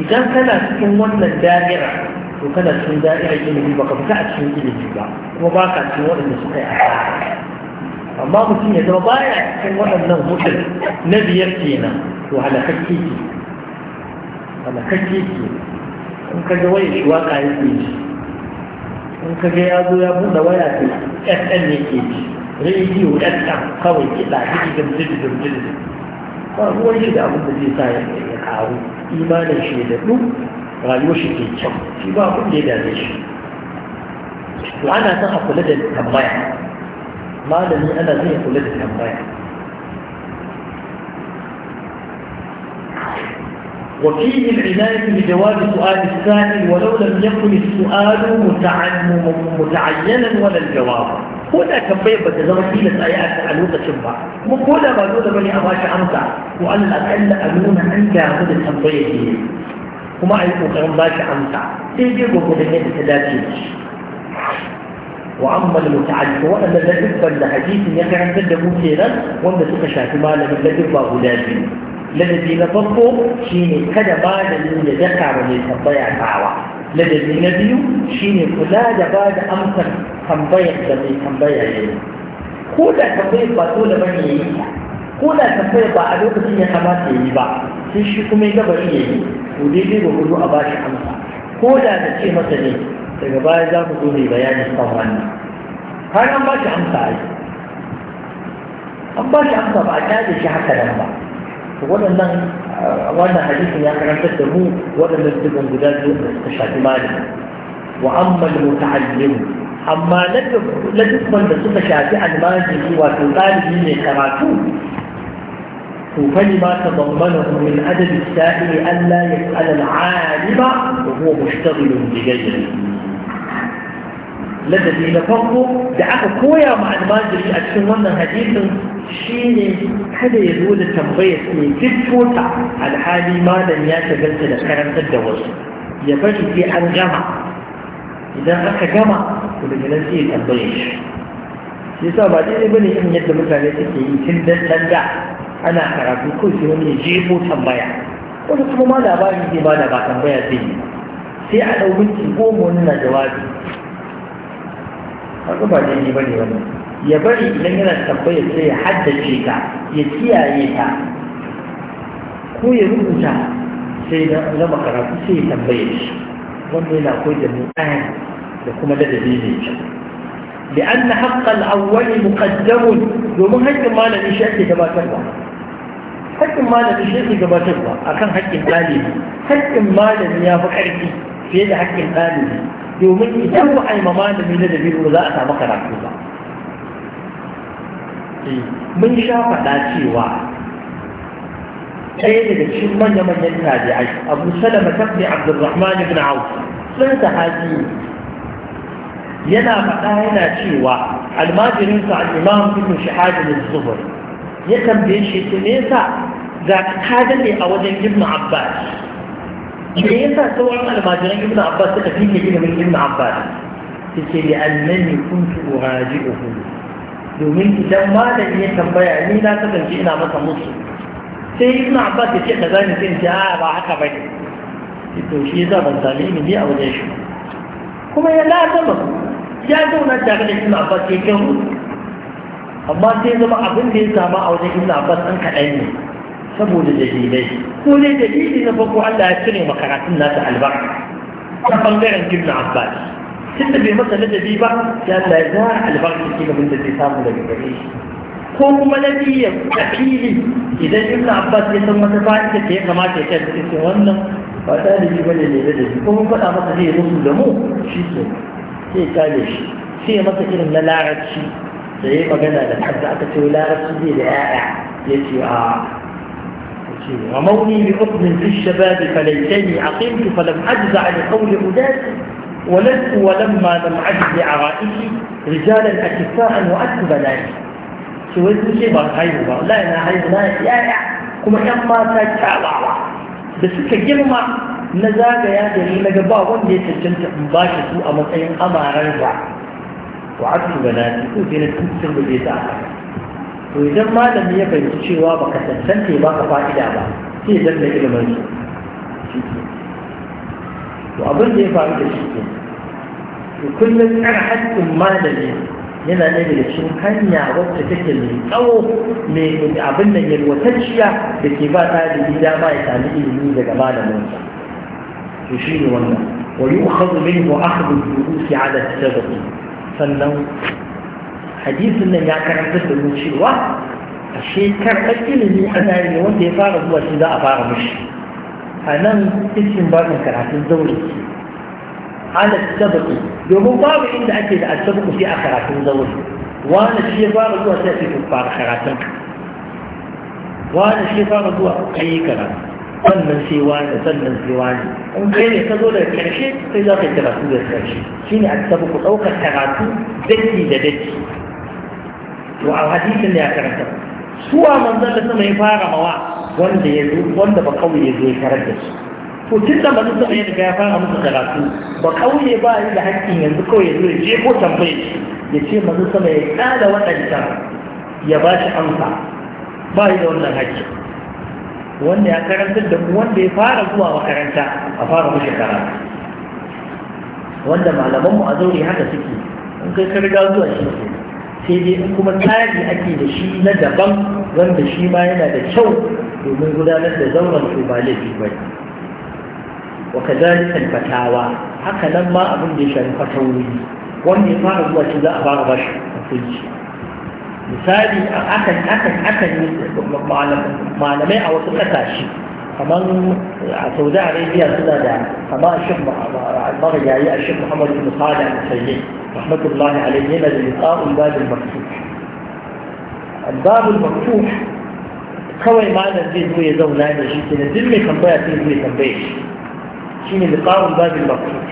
idan kana cikin wannan da'ira to kana cikin da'irar ilimi baka fita a cikin ilimi ba kuma ba ka cikin waɗanda suka yi asara amma mutum ya zama baya cikin waɗannan hudun na biyar kenan to halakakke ke halakakke ke in ka ga waya shi waka yake ji in ka ga ya zo ya buɗe waya to fm yake ji ريدي ولاد كان قوي لا جدا جدا جدا فهو يجد أبو الذي سايق يقعه إيمانا شيدا قال وش في الشم في باب جدا ليش وأنا سأقف لدى الكمبايا ما لني أنا سأقف لدى الكمبايا وفيه العناية بجواب سؤال السائل ولو لم يكن السؤال متعين ولا الجواب ko da tambayar ba ta zama tilas a yi a lokacin ba kuma ko da ba dole bane a bashi amsa ko Allah akalla a nuna an damu da tambayar ne kuma a yi kokarin bashi amsa sai dai gwagwadon yadda ta dace da hadisin ya karantar da mu kenan wanda suka shafi malamin تكشف ما لم لدفا ladabi na farko shine kada ba da daka ba mai tambaya tawa ladabi na biyu shine kula da ba da amsar tambayar da mai tambaya ya yi ko da tambayar ba dole ba ne yi ko da tambayar ba a lokacin ya kamata ya yi ba sai shi kuma ya gaba iya yi to daidai ba gudu a ba shi amsa ko da da ce masa ne daga baya za ku zo mai bayani kan wannan har an shi amsa a yi an shi amsa ba a caje shi haka nan ba waɗannan wannan hadisin ya karantar da mu waɗannan dukkan guda biyu da suka shafi mali wa amma al-muta'allim amma na duk wanda suka shafi almajiri wato ɗalibi mai karatu to fani ma ta bambana min adadi sa'ili Allah ya fi alal alima da kuma mushtaghilun bi ghairihi ladabi na farko da aka koya ma almajiri a cikin wannan hadisin shine kada ya zo da tambayar ne fitota alhali malam ya shagalta da karantar da wasu ya bari sai an gama idan aka gama ku da nan sai tambaye shi shi sa ba daidai bane irin yadda mutane suke yi tun dan dan da ana karatu ko shi wani ya je ko tambaya wani kuma ma labari zai bada ba tambaya zai yi sai a ɗau minti goma wani na jawabi haka ba daidai bane wani ya bari idan yana tambayar sai ya haddace ta ya kiyaye ta ko ya rubuta sai na karatu sai ya tambaye shi wanda yana koyar da mu ɗaya da kuma ladabi da dalili ne لأن حق الأول مقدم domin haƙƙin malami shi ake gabatarwa haƙƙin malami shi ake gabatarwa akan haƙƙin ɗalibi haƙƙin malami ya fi ƙarfi fiye da haƙƙin ɗalibi domin idan ba a yi ma malami na ba za a samu karatu ba eh, mun sha faɗa cewa ɗaya daga cikin manya-manyan tabi'ai abu salama tafi abdurrahman ibn auf sun ta haji yana faɗa yana cewa almajirinsa al-imam ibn shahad al-zubair ya tambaye shi ta nesa ga ka ne a wajen ibn abbas me yasa sauran almajiran ibn abbas suka fi ilimin ibn abbas suke da annani kuntu uraji'uhu domin idan malami ya tambaya ni na kasance ina masa musu sai ibn abbas ya ce kaza ne sai ya ba haka bane Ito shi yasa ban sami ilimi a wajen shi kuma ya lazama ya zauna tare da ibn abbas ya kan amma sai zama abin da ya zama a wajen ibn abbas an kaɗan ne saboda dalilai ko dai dalili na farko Allah ya cire makaratun nasa albarka ta bangaren ibn abbas tunda bai masa ladabi ba ya Allah ya za albarka shi gaban da zai samu daga gare shi ko kuma na biyu a fili idan ibn abbas ya san wata fa'ida da ya kamata ya kai cikin wannan ba ta da ba ne da shi ko mun faɗa masa zai musu da mu shi ke sai kare shi sai masa irin na larabci da ya magana da kansa aka ce larabci zai da ya'ya ya ce a وموني بحكم في الشباب فليتني عقلت فلم أجز عن قول أداسي ولست ولما لم أجز لعرائشي رجالا أكفاء وأكبلاني ce wai kun ce ba haihu ba wallahi na haihu na yaya kuma ƴan mata kyawawa da suka girma na zagaya da ni naga ba wanda ya cancanta in ba shi su a matsayin amarar ba wa asu ga na ko sai na tuntun da zai ta to idan malami ya fahimci cewa ba baka cancanta ba ka fa'ida ba sai ya na ilimin su to abin da ya faru da shi ne kullum tsara haƙƙin malami yana ɗaya daga cikin hanya wacce take mai tsawo mai abin da yalwatacciya da ke ba ɗalibi dama ya sami ilimi daga malaminsa to shi ne wannan wa yi ukhadu minhu akhdhu durusi ala tatabbi sannan hadisin nan ya karanta da mu cewa a shekar ilimi ana ne wanda ya fara zuwa shi za a fara mishi a nan cikin babin karatun zaure ala sabaki domin babu inda ake da asabaku sai a karatun zauri wani shi fara zuwa sai ake fara karatun wani shi fara zuwa kai karatu sannan sai wani sannan sai wani kai ne ka zo daga karshe sai za ka yi karatu da karshe shi ne asabaku ɗaukar karatu daki da daki to a hadisin da ya karanta suwa sama ya fara mawa wanda wanda ba ya farar da su to tun da manzo sai ya ya fara musu karatu ba kauye ba yi da hakkin yanzu kawai zai je ko tambaye ya ce manzo sama ya kada waɗanda ya ba shi amsa ba yi da wannan hakki wanda ya karanta da ku wanda ya fara zuwa makaranta a fara musu karatu wanda malaman mu a zauri haka suke in kai ka riga zuwa shi sai dai in kuma tsari ake da shi na daban wanda shi ma yana da kyau domin gudanar da zauren su ba laifi ba وكذلك الفتاوى هكذا ما أظن شيء فتوي وإني فاعل الله شذا أبار بش مثالي أكد أكد أكد أكد معلم أو تكتاشي فمن أتوزع ريبيا سنة دا فما الشيخ محمد جاي الشيخ محمد بن صالح المسيح رحمة الله عليه هنا لقاء الباب المفتوح الباب المفتوح كوي معنى زيد ويزو نايم الشيخ نزل لي كم بيع زيد ويزو shine liqa'ul babin maqsud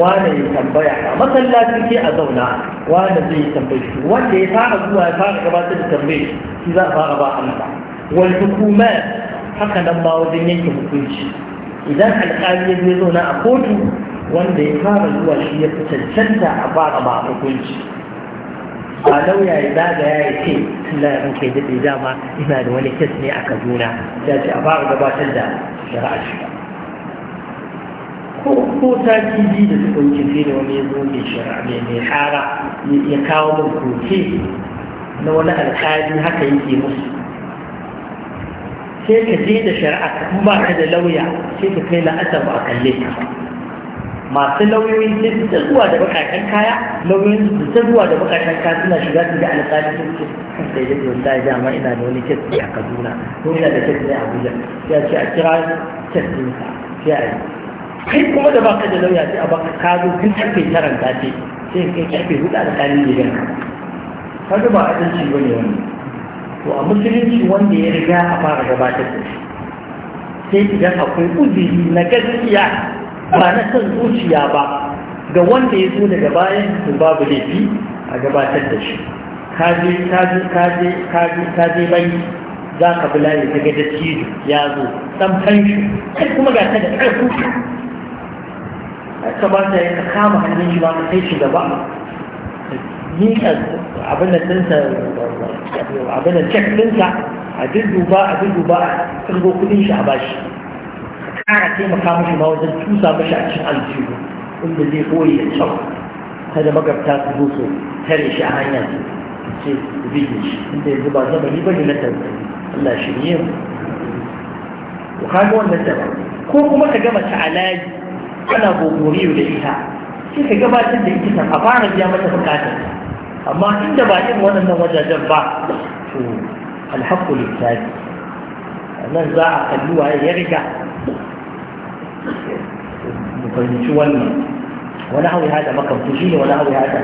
wane ya tambaya a masallaci ke a zauna wane zai tambaye shi wanda ya fara zuwa ya fara gabatar da tambaye shi za a fara ba amsa wal hukumat haka nan ma wajen yanke hukunci idan alƙali ya zai zauna a kotu wanda ya fara zuwa shi ya fi cancanta a fara ba hukunci A lauya ya zagaya ya ce Allah ya ranke daɗe dama ina da wani kes ne a Kaduna ya ce a fara gabatar da shari'a shi ko ko ta tv da suka wuce sai da wani zo mai shari'a mai hara ya kawo min koke na wani alƙali haka yake musu sai ka je da shari'a in ba ka da lauya sai ka kai la'asar ba a kalle ka masu lauyoyi sai ta zuwa da bakakken kaya lauyoyin su ta zuwa da bakakken kaya suna shiga su da alƙali su ce sai da yake wanda ya ina da wani kes a Kaduna ko ina da kes ne a Abuja sai ce a kira kes din sa sai a yi kai kuma da baka da lauya sai a baka kazo duk karfe taran ta ce sai kai karfe hudu alƙali ne ganka kaga ba adalci bane wannan to a musulunci wanda ya riga a fara gabatar da shi sai idan akwai uzuri na gaskiya ba na kan zuciya ba ga wanda ya zo daga bayan su babu laifi a gabatar da shi kaje kaje kaje kaje kaje bai za ka bi layi daga ga dattijo ya zo san fanshi kai kuma ga ta da ƙarfi ka ba ta ka kama hannun shi ba ka kai shi gaba ni abin da tinsa abin da cek tinsa a duba a duba, a tsirgo kudin shi a bashi ƙara taimaka mashi ma wajen tusa mashi a cikin aljihu inda zai koyi da kyau kada magabta su zo su tare shi a hanya ce su bige shi inda yanzu ba zama ni bane na tarbi Allah shi ne ku kaga wannan daban ko kuma ka gama ta alaji ana gogoriyo da ita sai ka gabatar da ita a fara biya mata bukatar amma inda ba irin waɗannan wajajen ba to alhaƙulin tafi nan za a kalli waye ya riga mu fahimci wannan wani hawi hada makamantu shi ne wani hawi hada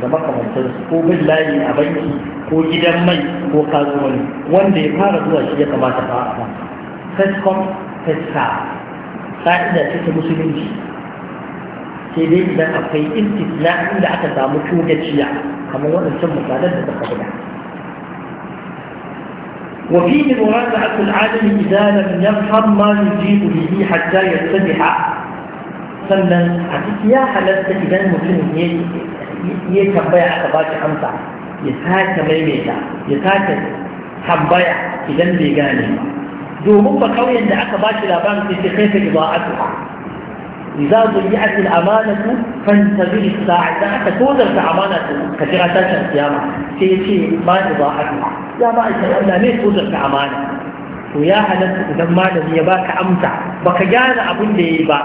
da makamantansu ko bin layi a banki ko gidan mai ko kasuwanci wanda ya fara zuwa shi ya kamata ba a ba fescom fesca ka'ida ce ta musulunci sai dai idan akwai intisna inda aka samu shugaciya kamar waɗancan misalan da suka buga وفيه مراجعة العالم إذا لم يفهم ما يجيب به حتى يتبع sannan a ciki ya halatta idan mutum ya tambaya aka ba shi amsa ya sake maimaita ya sake tambaya idan bai gane ba domin ba kauyen da aka ba shi labarin sai ce kai ka ba a tuha idza zuyi'at al-amanatu kan as-sa'a da aka tozar ta amana ka jira tashin kiyama sai ya ce ba ma idha'atuha ya ma aikin Allah ne tozar ta amana to ya halatta idan malami ya baka amsa baka gane abin da ya yi ba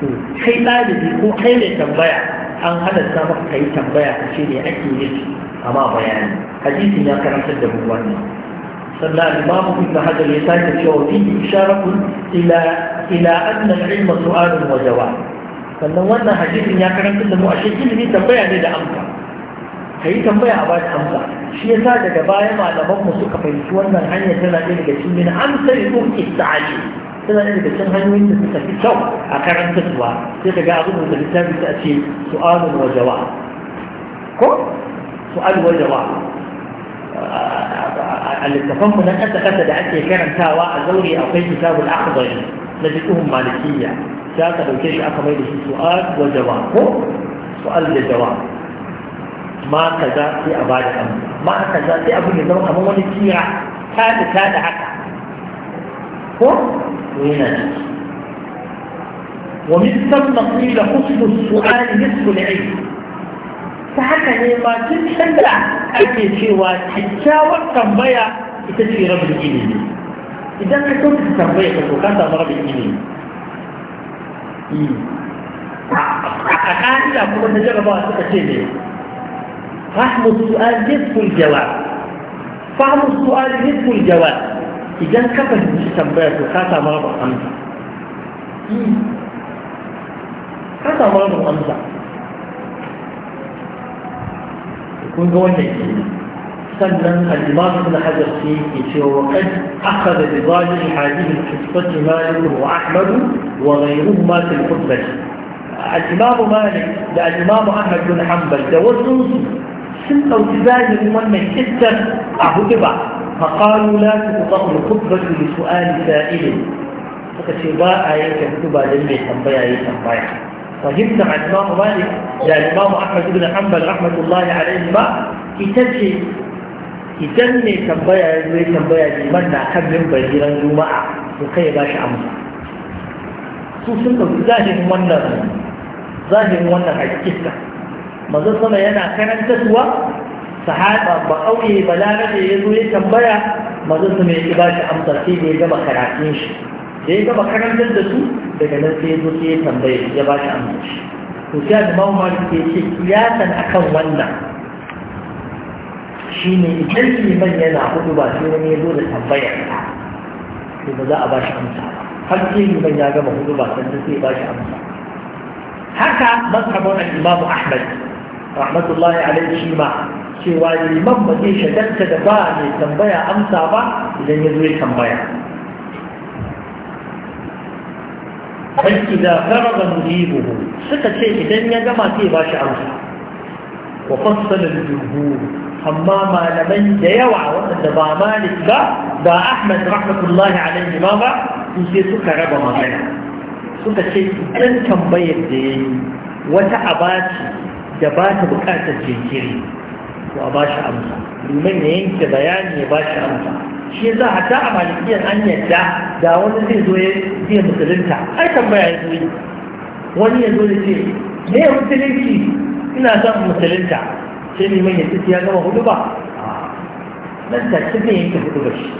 to kai ɗalibi ko kai mai tambaya an halatta maka kai tambaya ka ce ne ake yin amma bayani hadisin ya karantar da mu wannan sannan imamu ibn hajar ya sake cewa fi isharatu ila ila anna al-ilma su'alun wa jawab sannan wannan hadisin ya karantar da mu ashe ilimi tambaya ne da amsa kai tambaya a bada amsa shi yasa daga baya malaman mu suka fahimci wannan hanyar tana ɗaya daga cikin amsa amsar ko ista'ali suna da cikin hanyoyin da suka fi kyau a karantarwa sai ka ga abin da littafi ta ce su'alun wajawa ko su'al wajawa a littafanmu na ƙasa-ƙasa da ake karantawa a zaure akwai kitabul akhdari na fiqhun malikiyya sai aka dauke shi aka mai da shi su'al wajawa ko su'al wajawa ma kaza sai a bada amma ma kaza sai abin da zama kamar wani kira ta da ta da haka كفر ونجس ومن ثم قيل حسن السؤال نصف العلم فحتى هي ما تتحدى أي شيء واحد حتى بيا تتفي رب الجنين إذا كنت تتنبيا تتوقعت رب الجنين أقال لا أقول أن جرب رحم السؤال نصف الجواب فهم السؤال نصف الجواب idan ka fahimci tambaya to ka samu rabin amsa ka samu rabin amsa kun ga wannan ke sannan al-imam ibn hajar shi yake cewa wa qad akhadha bi zahir hadith al-qisfah malik wa ahmad wa ghayruhuma fi al-qutbah al-imam malik da al-imam ahmad bin hanbal da wasu sun dauki zahirin wannan kitab a hudu ba فقالوا لا تقطع الخطبة لسؤال سائل فكشباء آية كتبة للي تنبيا يتنبيا فهمت عن إمام مالك يا إمام أحمد بن حنبل رحمة الله Ita ce idan mai tambaya ya zo ya tambaya liman na kan mimbar gidan juma'a to kai ba shi amsa su sun ɗauki zahin wannan zahirin wannan hakika manzo sama yana karantarwa sahaba ba kauye ba larabe ya zo ya tambaya mazan su mai ba shi amsa sai da ya gama karatun shi da ya gama karantar da su daga nan sai ya zo sai ya tambaye ya ba shi amsa shi to sai da mamu ma ke ce kiyasan akan wannan shi ne idan liman yana hudu ba sai wani ya zo da tambayar to ba za a ba shi amsa ba har sai liman ya gama hudu ba sannan sai ba shi amsa haka mazhabun al-imam ahmad rahmatullahi alaihi shi ma cewa liman ba zai shagarta da ba mai tambaya amsa ba idan ya zo ya tambaya kan idza farada mujibuhu suka ce idan ya gama sai ba shi amsa wa fassala al amma malaman da yawa waɗanda ba malik ba ba ahmad rahmatullahi alaihi ma ba su sai suka raba magana suka ce idan tambayar da yayi wata abaci da ba ta bukatar jinkiri to a bashi amsa domin ya yanke bayani ya bashi amsa shi yasa hatta a malikiyar an yadda da wani zai zo ya zai musulunta ai tambaya ya zo yi, wani ya zo da ce me ya musulunci ina son musulunta sai liman ya tafi ya gama hudu ba nan ta ce zai yanke hudu ba shi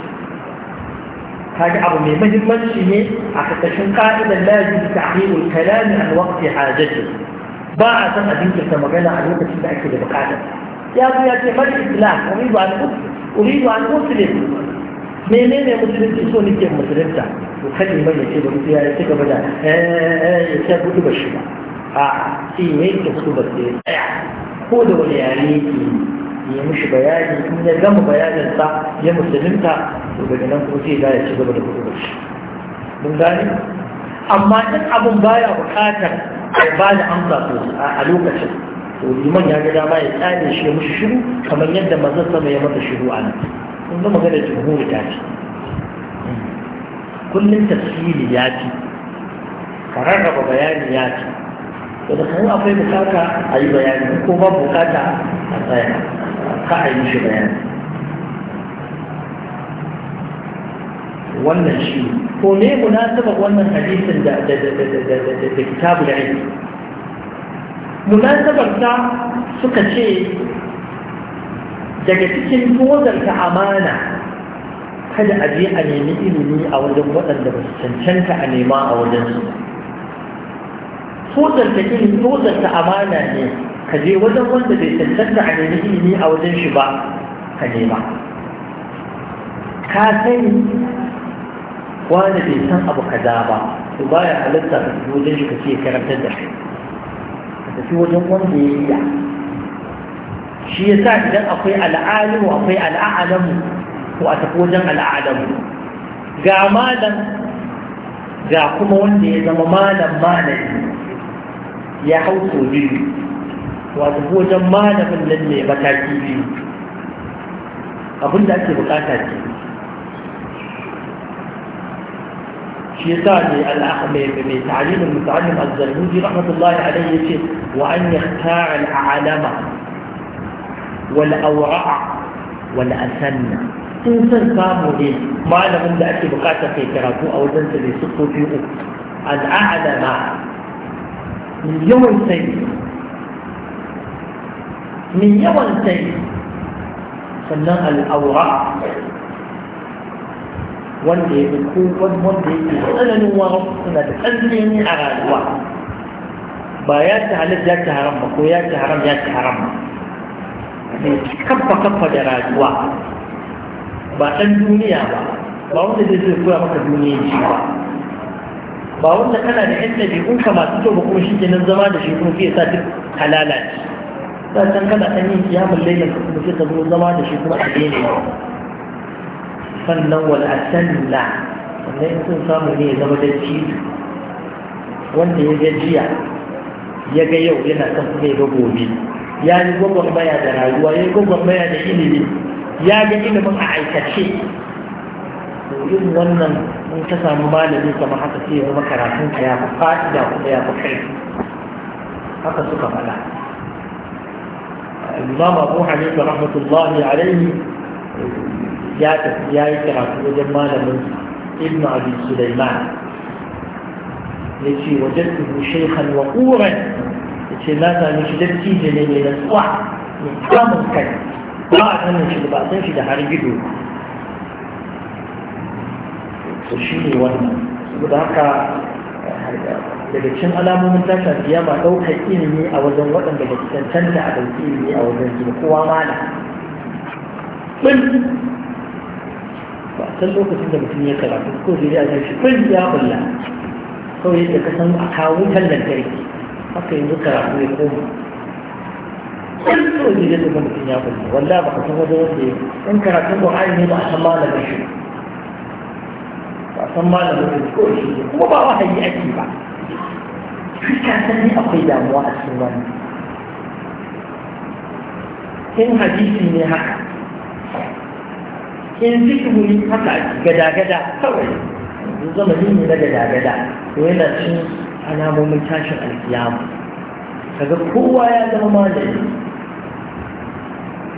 kaga abu mai mahimmanci ne a kasashen ka'idar lajin ta'himul kalami an a hajati ba a san abin ta magana a lokacin da ake da bukatar ya zo ya ce mal islam uridu an uridu an muslim menene musulunci so ke musulunta to kaje mai yace da mutum ya ci gaba da eh, eh ya gudu ba shi ba a shi ne ke gudu ba sai ko da wani yare yake ya mishi bayani in ya gama bayanin sa ya musulunta to daga nan kuma sai ya ci gaba da gudu ba shi mun gane amma duk abin baya bukatar ba da amsa a lokacin to liman ya ga dama ya tsare shi mushi shiru kamar yadda mazan sama ya masa shiru a nan kun ga magana jumhuri ta ce kullum tafsiri ya ce rarraba bayani ya ce to da kan akwai bukata a yi bayani ko ba bukata a tsaya ka a yi shi bayani wannan shi ko ne munasabar wannan hadisin da kitabu da aiki munasabar ta suka ce daga cikin tozarta amana kada a je a nemi ilimi a wajen waɗanda ba su cancanta a nema a wajensu. su tozarta ilimi tozarta amana ne ka je wajen wanda bai cancanta a nemi ilimi a wajen shi ba ka nema ka sani wani bai san abu kaza ba to baya halatta ka wajen shi ka ce karantar da shi shi wajen wanda ya iya shi ya sa idan akwai al'alimu akwai al'a'alamu ko a tafi wajen al'a'alamu ga malam ga kuma wanda ya zama malam malami ya hau so biyu wato ko wajen malamin nan ne mataki biyu abinda ake bukata ce شيطان من تعليم المتعلم الزرمودي رحمة الله عليه يقول وأن يختار العالم والأورع والأسن إنسان سنقاموا لي ما لهم لأكي بقاتا في كراتو أو جنس اللي في أوك الأعلم من يوم سيد من يوم سيد سنة الأورع wanda ya ko wanda ya ke tsananin wawa suna da tsanani a rayuwa ba ya ci halal ya ci haram ba ko ya ci haram ya ci haram ba ne kafa kafa da rayuwa ba ɗan duniya ba ba wanda zai zai koya maka duniya shi ba ba wanda kana da yan ɗabi'unka masu kyau ba kuma shi ke nan zama da shi kuma fiye sa duk halala ce sai can kana ɗan yin kiyamun lailan kuma sai ka zo zama da shi kuma a daina sannan wani asalla wanda in sun samu ne ya zama da wanda ya ga jiya ya ga yau yana kan kuma ya ga gobe ya yi gwagwarmaya da rayuwa ya yi gwagwarmaya da ilimi ya ga ilimin a aikace irin wannan in ka samu malami kamar haka sai ya karatun ka ya fi fa'ida kuma ya fi kai haka suka faɗa imam abu hanifa rahmatullahi alaihi ya tafi ya yi karatu wajen malamin ibn abi sulaiman ya ce wajen tuhu shaikhan wa ƙuran ya ce na sami shi dattijo ne mai nasuwa mai kamun kai ba a sanin shi da ba san shi da har gido to shi ne wannan saboda haka daga cikin alamomin tasha kiyama ɗaukar ilimi a wajen waɗanda ba su cancanta a ɗauki ilimi a wajen su kowa mana ba san lokacin da mutum ya karatu ko sai ya ga shi kun ya kulla kawai yadda ka san a kawo wutan lantarki haka yanzu karatu ya koma kun so ne da ga mutum ya kulla wanda ba ka san wajen wanda ya in karatun Qur'ani ne ba a san malamin shi ba a san malamin shi ko shi kuma ba wahayi ake ba shi ka san ne akwai damuwa a cikin wani in hadisi ne haka in fikihu ne haka gada-gada kawai zamanin ne na gada-gada to yana cin alamomin tashin alkiyama kaga kowa ya zama malami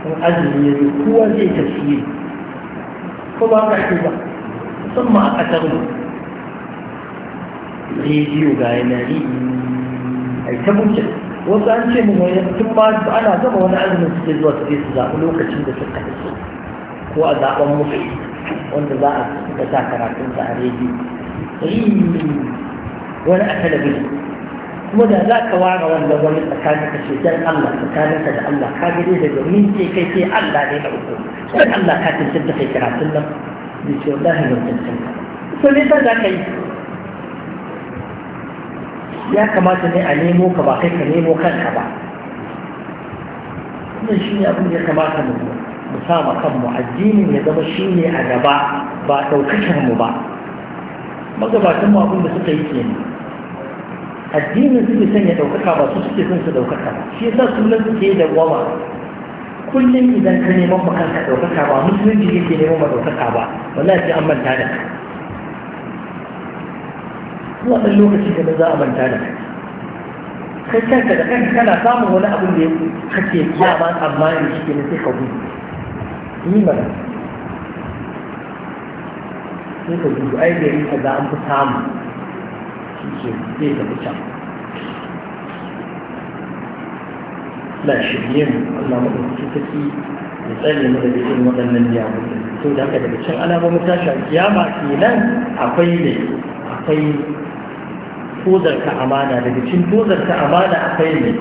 in azumi ya zo kowa zai tafiye ko ba ka ce ba musamman a ƙasar mu rediyo ga yanayi a ita buce wasu an ce mu wani tun ba ana zama wani azumin suke zuwa su zai su zaɓi lokacin da suka fi so ko a zaɓen musu wanda za a da sa karatunsa a rediyo wani a talabijin kuma da za ka ware wanda wani tsakanin ka shekar Allah tsakanin ka da Allah ka gare da domin ce kai sai Allah ne na uku sai Allah ka cancanta kai karatun nan da ce wallahi ban cancanta so ne za ka yi ya kamata ne a nemo ka ba kai ka nemo kanka ba wannan shi ne abin da ya kamata mu mu sa ma kanmu addinin ya zama shi ne a gaba ba ɗaukakar mu ba magabatan mu abin da suka yi ke addinin suke son ya ɗaukaka ba su suke son su ɗaukaka ba shi yasa sunan suke da wama kullum idan ka neman ma kanka ɗaukaka ba musulunci yake neman ma ɗaukaka ba wallahi sai an manta da ka zuwa ɗan lokaci da za a manta da ka kai kanka da kanka kana samun wani abin da ya kake dama tsammanin shi ne sai ka gudu yi mana sai ka dubu ai da ka kaza an fi samu shi ke zai tafi can na shirye mu Allah ta sarki ya tsare mu da irin waɗannan yamuka to da haka daga can alamomin tashi kiyama kenan akwai ne akwai tozarta amana daga cikin tozarta amana akwai ne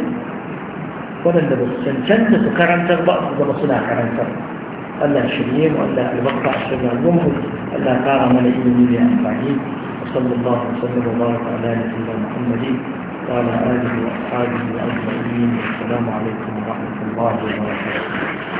waɗanda ba su cancanta su karantar ba su zama suna karantar أن الشريم وأن المقطع الشريم المنفذ أن قال ملك النبي أنفعين وصلى الله وسلم وبارك على نبينا محمد وعلى آله وأصحابه أجمعين والسلام عليكم ورحمة الله وبركاته